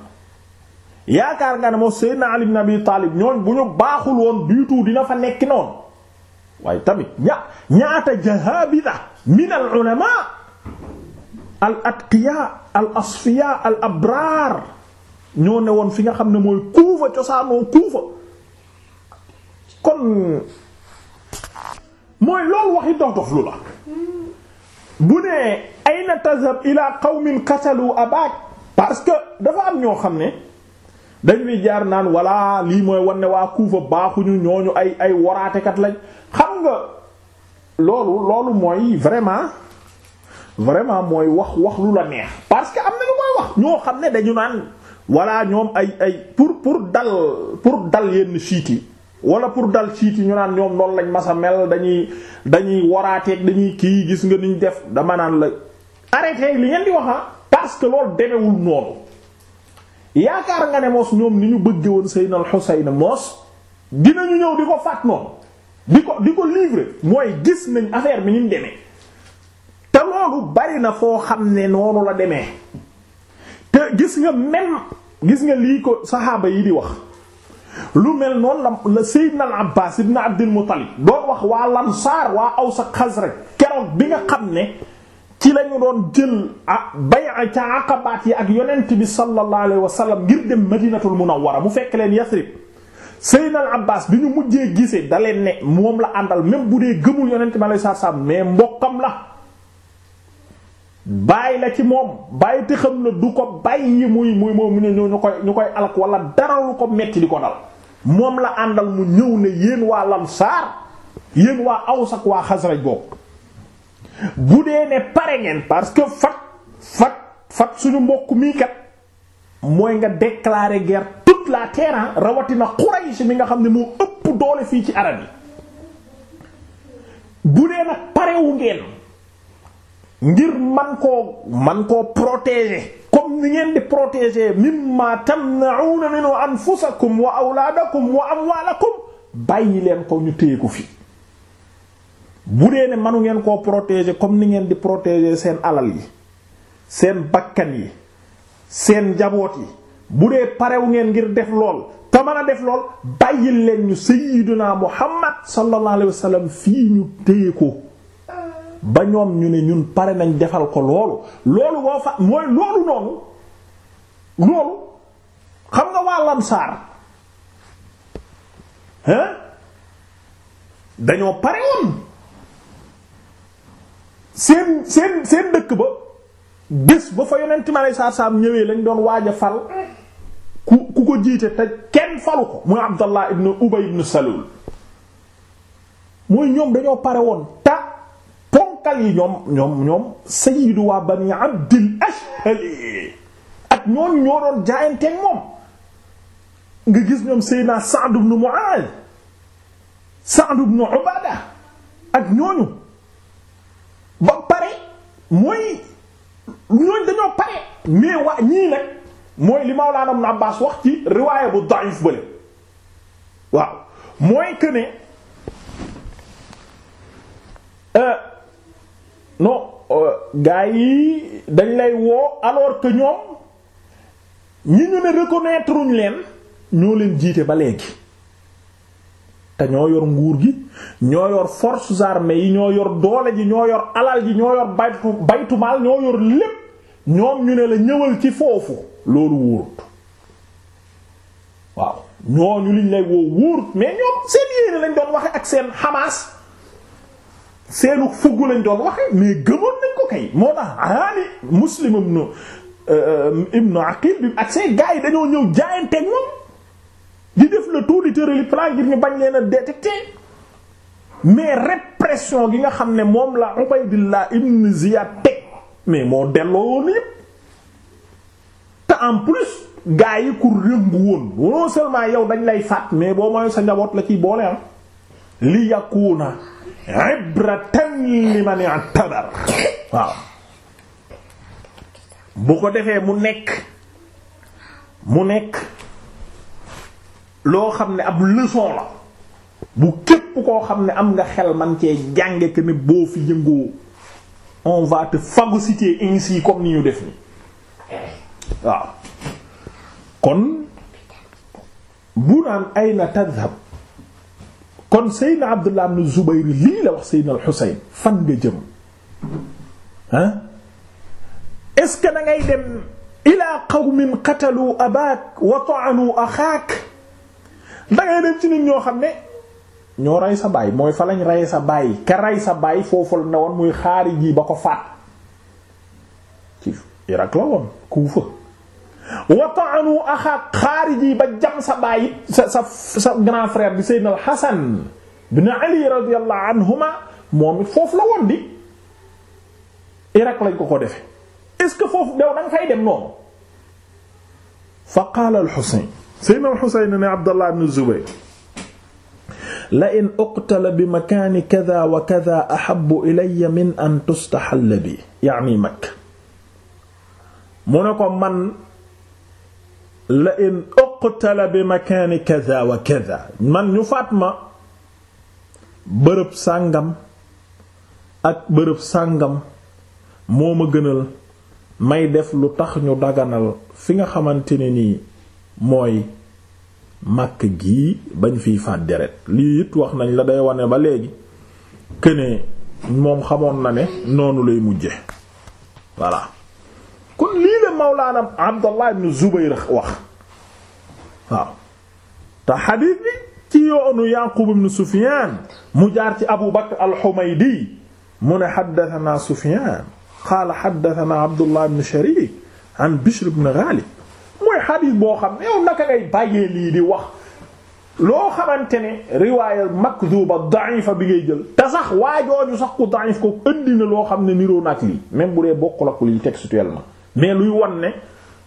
yaakaar nga ne moo Seydina Ali ibn Abi Taalib ñooñ bu ñu baaxul woon du tout dina fa nekk noonu waaye tamit ña ñaata jahabida min al ulama al atqiya ñoo ne woon fi nga xam ne mooy kuufa cosaanoo kuufa kon mooy loolu waxi dox dox lu la bu ne ayna tazhab ila qawmin qatalu abaak parce que dafa am ñoo xam ne dañ fiy jaar naan walla lii mooy wan ne waa Kuufa baaxuñu ñooñu ay ay woraatekat lañ xam nga loolu loolu mooy vraiment vraiment mooy wax wax lu la neex parce que am na lu mooy wax ñoo xam ne dañu naan walla ñoom ay ay pour pour dal pour dal yenn siit yi wala pour dal siit yi ñu naan ñoom noonu lañ masa mel dañuy dañuy waraateeg dañuy kii gis nga niñ def dama naan la arrêté li ngeen di a ah. parce que loolu demewul noonu yaakaar nga ne moos ñoom ni ñu bëgge woon Seydina al Xuseyn moos dinañu ñëw di ko faat noonu di ko di ko livrer mooy gis nañ affaire bi ni mu demee te loolu bari na foo xam ne noonu la demee te gis nga même gis nga lii ko saxaaba yi di wax lu mel noonu la la Seydina al Abbaas ibn Abdul Muttalib doon wax waa Lansaar waa Aws ak Xasraj keroog bi nga xam ne ci lañu doon jël ah bay'a ca aqabaat yi ak yonent bi sallallahu alayhi wa sallam ngir dem madinatul munawwara mu fekk leen yasrib Seydina al Abbas bi ñu mujjee gisee da leen ne moom la àndal même bu dee gëmul yonent bi alayhi salaam mais mbokkam la bàyyi la ci moom bàyyi te xam la du ko bàyyi muy muy ñu koy ñu koy alk dara lu ko metti di ko dal moom la àndal mu ñëw ne yéen waa lamsaar yéen waa aws ak waa xasraj boobu bu dee ne pare ngeen parce que fat fat fat suñu mbokk mii kat mooy nga déclarer guerre toute la terre rawatina Quraysh mi nga xam ne moo ëpp doole fii ci arab bu dee nag parewu ngeen ngir man koo man koo protéger comme ni ngeen di protéger mimma tamna'una minhu anfusakum wa awlaadakum wa amwaalakum bàyyi leen ko ñu téye ko fii bu dee ne manu ngeen koo protégé comme ni ngeen di protéger seen alal yi seen bakkan yi seen njaboot yi bu dee parewu ngeen ngir def lool te mën a def lool bàyyil leen ñu sayyiduna muhammad sallallahu alayhi wasallam fii ñu téye ko ba ñoom ñu ne ñun pare nañ defal ko loolu loolu boo fa mooy loolu noonu loolu xam nga waa lamsaar dañoo pare woon seen seen seen dëkk ba bés ba fa yonent mi aleyhi salaatu salaam ñëwee lañ doon waaj a fal ku ku ko jiite te kenn falu ko muy Abdallah ibn Ubay ibn Salul mooy ñoom dañoo pare woon ta ponkal yi ñoom ñoom ñoom sayyidu waa Bani Abdil Ashhali ak ñoon ñoo doon jaayanteeg moom nga gis ñoom Seydina saadu ibn Mu'adh Sa'd ibn Ubaada ak ñooñu mooy ñooñ dañoo pare mais waa ñii nag mooy li Mawlaana Ibn Abbaas wax ci riwaaya bu da'if bële waaw mooy que ne euh, non euh, gars yi dañ lay woo alors que ñoom ñi ñu ne reconnaître ñu leen ñoo leen jiite ba léegi te ñoo yor nguur gi ñoo yor forces armées yi ñoo yor doole ji ñoo yor alal ji ñoo yor baytu baytumaal ñoo yor lépp ñoom ñu ne la ñëwal ci foofu loolu wóorut waaw ñooñu liñ lay woo wóorut mais ñoom seen yéene lañ doon waxe ak seen Hamas seenu fugg lañ doon waxe mais gëmoon nañ ko kay moo tax araani muslimam no euh, euh, ibnu aqil bi ak seen gaa yi dañoo ñëw jaayanteeg moom di def le tout di yi plan ngir ñu bañ leen a détecter mais répression gi nga xam ne moom la Ubaydillah ibn Ziyad teg mais moo delloo lépp te en plus gaa yi ku rëngu woon non seulement yow dañ lay faat mais boo mooy sa njaboot la ciy boole am ah. li yakuna ibratan liman i'tabar waaw bu ko defee mu nekk mu nekk loo xam ne ab leçon la bu képp koo xam ne am nga xel man cee jànge que ne boo fi yëngoo on va te phagocyter ainsi comme ni ñu def ni waaw kon bu naan ayna tadhab kon Seydina Abdullah ibn Zubayr lii la wax Seydina al-Husayn nga jëm ah est-ce que da ngay dem ila qawmin qatalu abak wa ta'anu axaak dangay dem ci nit ñoo xam ne ñoo rey sa baay mooy fa lañ rey sa baay ka rey sa baay foofu la ne woon muy xaari ji ba ko faat Irak la woon Kuufa wataanu axaa xaari ji ba jam sa baay sa sa grand frère bi Seydina al-Hasan bin Ali radiyallahu anhuma moom it foofu la woon di Irak lañ ko ko defe est-ce que foofu dew danga fay dem noonu fa qaala al Seydina al-Husayn Abdallah ibn Zubayr la in uqtala bi makaani kada wa kada ahabbu min an tustaxalla bi yaani Makka mu ne ko man la in uqtala bi makaani kada wa man ñu faat ma bërëb sàngam ak bërëb sàngam moo ma gënal may def lu tax ñu daganal fi nga xamante ne nii mooy màkk gi bañ fi faat lii it wax nañ la day wane ba léegi këne moom xamoon na ne noonu lay mujje voilà kon lii la Mawlaana Abdallah ibn Zubayr wax waaw te xadiis bi ci yoonu Yaqub ibn Sufyaan mu jaar ci Abu Bakr al-Humaydi mu ne xaddatanaa Sufyaan qaala xaddatanaa Abdullah ibn Shariik an Bishr ibn Ghalib mooy xadiis boo xam ne yow naka ngay bàyyee lii di wax loo xamante ne riwaaya makduba da'ifa bi ngay jël te sax waajooju sax ku da'if ko indi loo xam ne niroo nag lii même bu dee bokkul ak lii textuellement mais luy won ne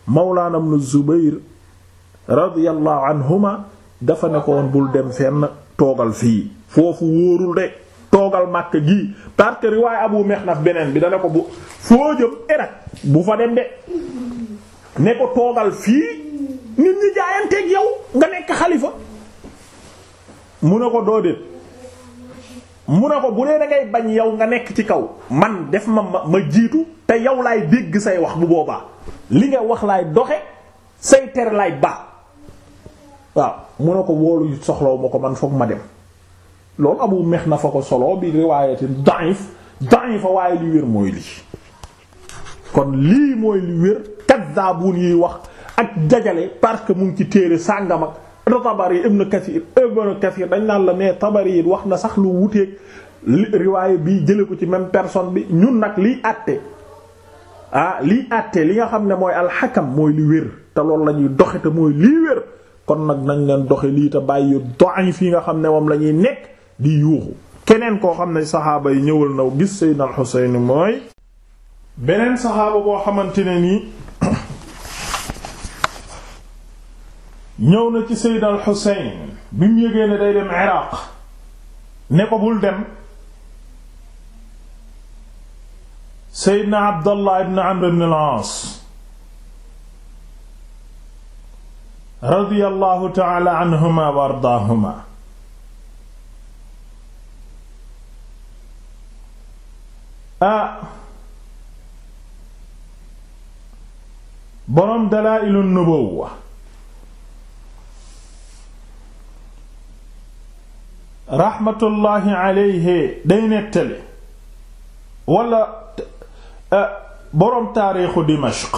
Mawlaana ibn Zubayr radiyallahu anhuma dafa ne ko woon bul dem fenn toogal fii foofu wóorul de toogal Makka gii parce que riwaaya Abu Mikhnaf beneen bi dana ko bu foo jëm Irak bu fa dem de ne ko toogal fii nit ñi jaayanteeg yow nga nekk xalifa mu ne ko doodéet mu ne ko bu dee da bañ yow nga nekk ci kaw man def ma ma jiitu te yow laay dégg say wax bu boobaa li nga wax laay doxe say tere laay baax waaw mu ne ko woolu soxlaw ma ko man foog ma dem loolu abu meex na fa ko solo bi riwaayatin da'if da'ifa waaye li wér mooy lii kon lii mooy li wér kazzabun yiy wax ak jajale parce que mu ngi ci téere sàngam ak Tabari ibn Kathir ibn Kathir dañ naan la mais Tabari yi wax na sax lu wuteeg li riwaay bi jële ko ci même personne bi ñun nag liy àtte ah liy àtte li nga xam ne mooy alxakam mooy li wér te loolu la ñuy doxe te mooy lii wér kon nag nañ leen doxe lii te bàyyi yu doy fii nga xam ne moom la ñuy nekk di yuuxu keneen koo xam ne saxaaba yi ñëwal na gis Sayyidina Al-Husayn beneen saxaaba boo xamante ne nii ñëw na ci Seydina al bi mu yëgee ne day dem Iraq ne ko bul dem Seydina Abdallah ibn Amr ibn al-Aas radiyallahu wa ardaahuma ah boroom dalaa'ilu nubuwwa raxmatullaahi alayhi day nettali wala eh, boroom taariixu Dimashq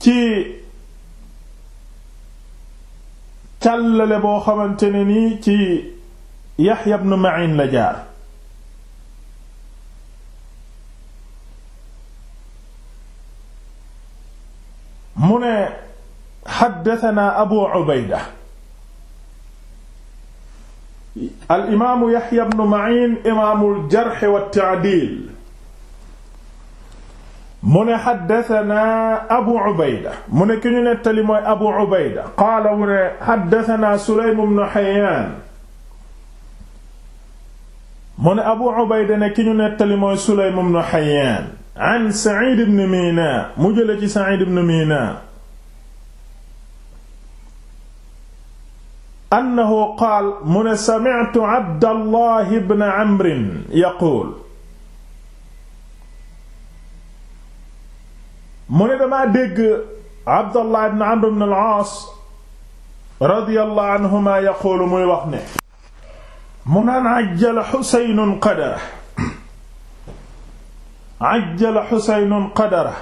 ci càllale boo xamante ne nii ci Yaxya ibn Ma'in la jaar mu ne xaddatanaa abu ubayda al imaamu yaxya bnu mayin imaamul jarxi wa taadil mu ne xaddatanaa abu ubayda mu ne ki ñu nettali mooy abu ubayda qaala mu ne xaddatanaa sulaym bnu xayaan mu ne abu ubayda ne ki ñu nettali mooy sulaym bnu xayaan an Sa'id ibn Mina mu jële ci Sa'id ibn Mina annahu qaal mu ne sami'tu Abdallah ibn Amr yaquul mu ne damaa dégg Abdallah ibn Amr ibn al-Aas radiyallahu anhuma yaquulu muy wax ne mu naan ajjala Husaynun qadara ajjala xuseynun qadara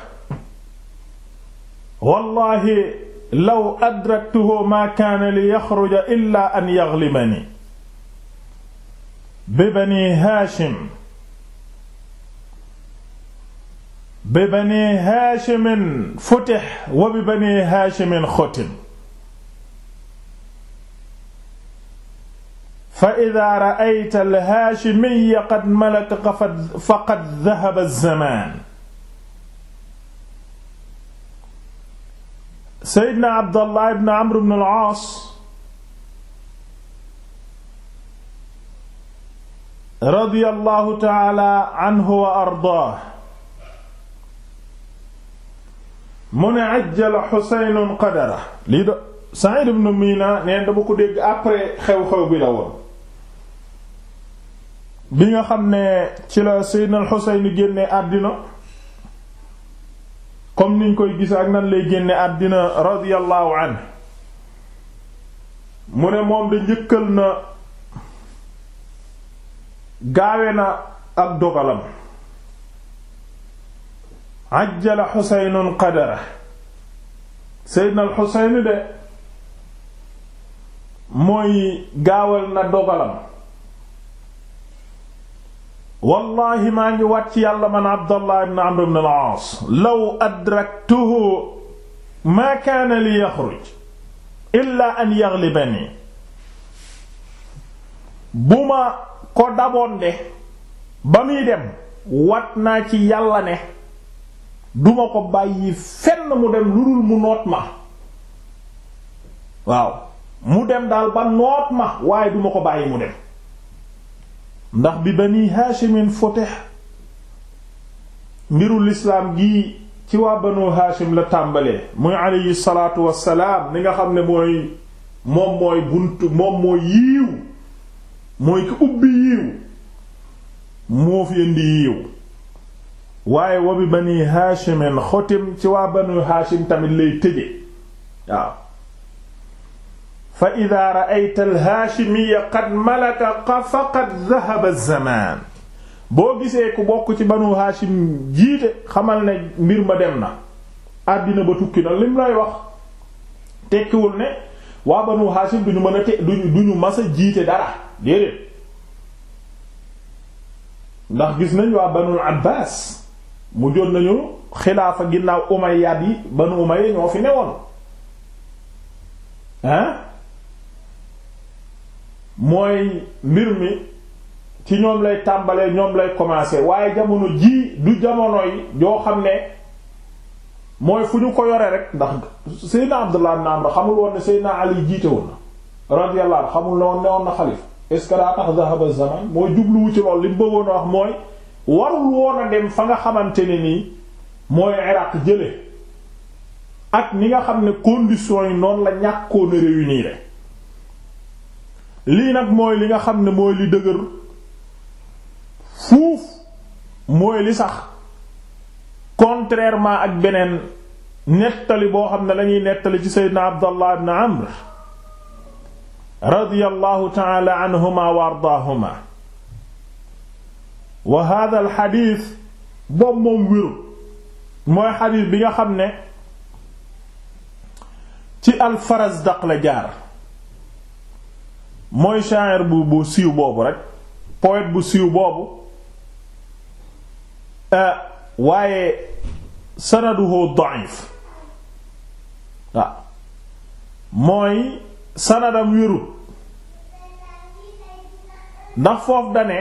wallahi law adraktuhu maa kaana li yaxruja illaa an yaxlimani bi bani haashim bi bani haashimin futih wa bi bani haashimin xutim fa idaa ra'ayta al-haashimiyya qad malaka faqad dhahaba az-zamaan Seydina Abdallah ibn Amr ibn al-Aas radiyallahu ta'ala anhu wa ardaahu mu ne ajjala Xuseynun qadara lii da Saïd ibn Mina neen dama ko dégg après xew-xew bi la woon bi nga xam ne ci la Seydina al génne àddina comme niñ koy gis ak nan lay génne àddina radiyallahu anhu mu ne moom da njëkkal na gaawe na ak dogalam ajjala Husaynun qadara Seydina al de mooy gaawal na dogalam wallahi maa ngi wat ci yàlla man abdallah ibn amr ibn al law adraktuhu maa kaana li yaxruj illa an yaxlibani bu ma ko daboon de ba muy dem wat naa ci yàlla ne duma ko bàyyi fenn mu dem lu dul mu noot ma waaw mu dem daal ba noot ma waaye duma ko bàyyi mu dem ndax bi bani haashimin futih mbiru lislaam gi ci waa banu haashim la tàmbalee muy aleyhi salaatu wassalaam ni nga xam ne mooy moom mooy bunt moom mooy yiiw mooy ubbi yiiw moo fi indi yiiw waaye wa bi bani haashimin xotim ci waa banu haashim tamit lay tëje waaw fa ida raayta alhaachimiya qad malaka a faqad dahaba zaman boo gisee ku bokk ci banu haachim jiite xamal ne mbir ma dem na àddina ba tukki na lim lay wax tekkiwul ne waa banu haachim duñu mën a te duñu duñu mas a jiite dara déedéet ndax gis nañ waa banul abbas mu jot nañu xilaafa ginnaaw umayyad yi banu umayya ñoo fi newoon ah mooy mbir mi ci ñoom lay tàmbalee ñoom lay commencer waaye jamono jii du jamono yi joo xam ne mooy fu ñu ko yore rek ndax Seydina Abdullah ibn Amr xamul woon ne Seydina Ali jiite woon na radiyallahu anhu xamul ne woon ne woon na xalif est daa tax zahaba zaman mooy jubluwu ci lool li mu bëggoon a wax mooy warul woon a dem fa nga xamante ne nii mooy Iraq jële ak ni nga xam ne conditions yi noonu la ñàkkoon a réunir lii nag mooy li nga xam ne mooy li dëgër fuuf mooy li sax contrairement ak beneen nettali boo xam ne lañuy nettali ci seydina abdallah ibn amr radiyallahu taala anhuma wa ardaahuma wa hada al boobu moom wéru mooy xadiis bi nga xam ne ci alfarazdaq la jaar mooy shaa'ir bu bu siiw boobu rek poète bu siiw boobu euh, waaye sanaduhu da'if waaw mooy sanadam wérut ndax foofu dane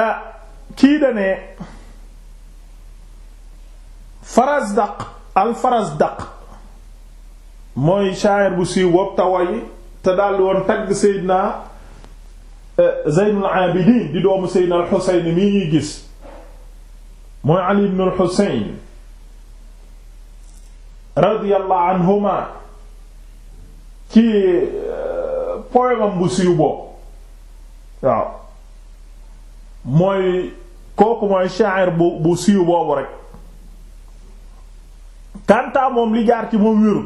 euh, kii dane farazdaq al farazdaq mooy shaa'ir bu siiw boobu yi te daal di woon tagg Seydina eh, Abidin di doomu Seydina al Xuseyn mii ñuy gis mooy Ali ibn anhuma ci eh, poemam bu siiw boobu mooy kooku mooy sha'ir bu bu siiw boobu rek kanta moom li jaar ci moom wéru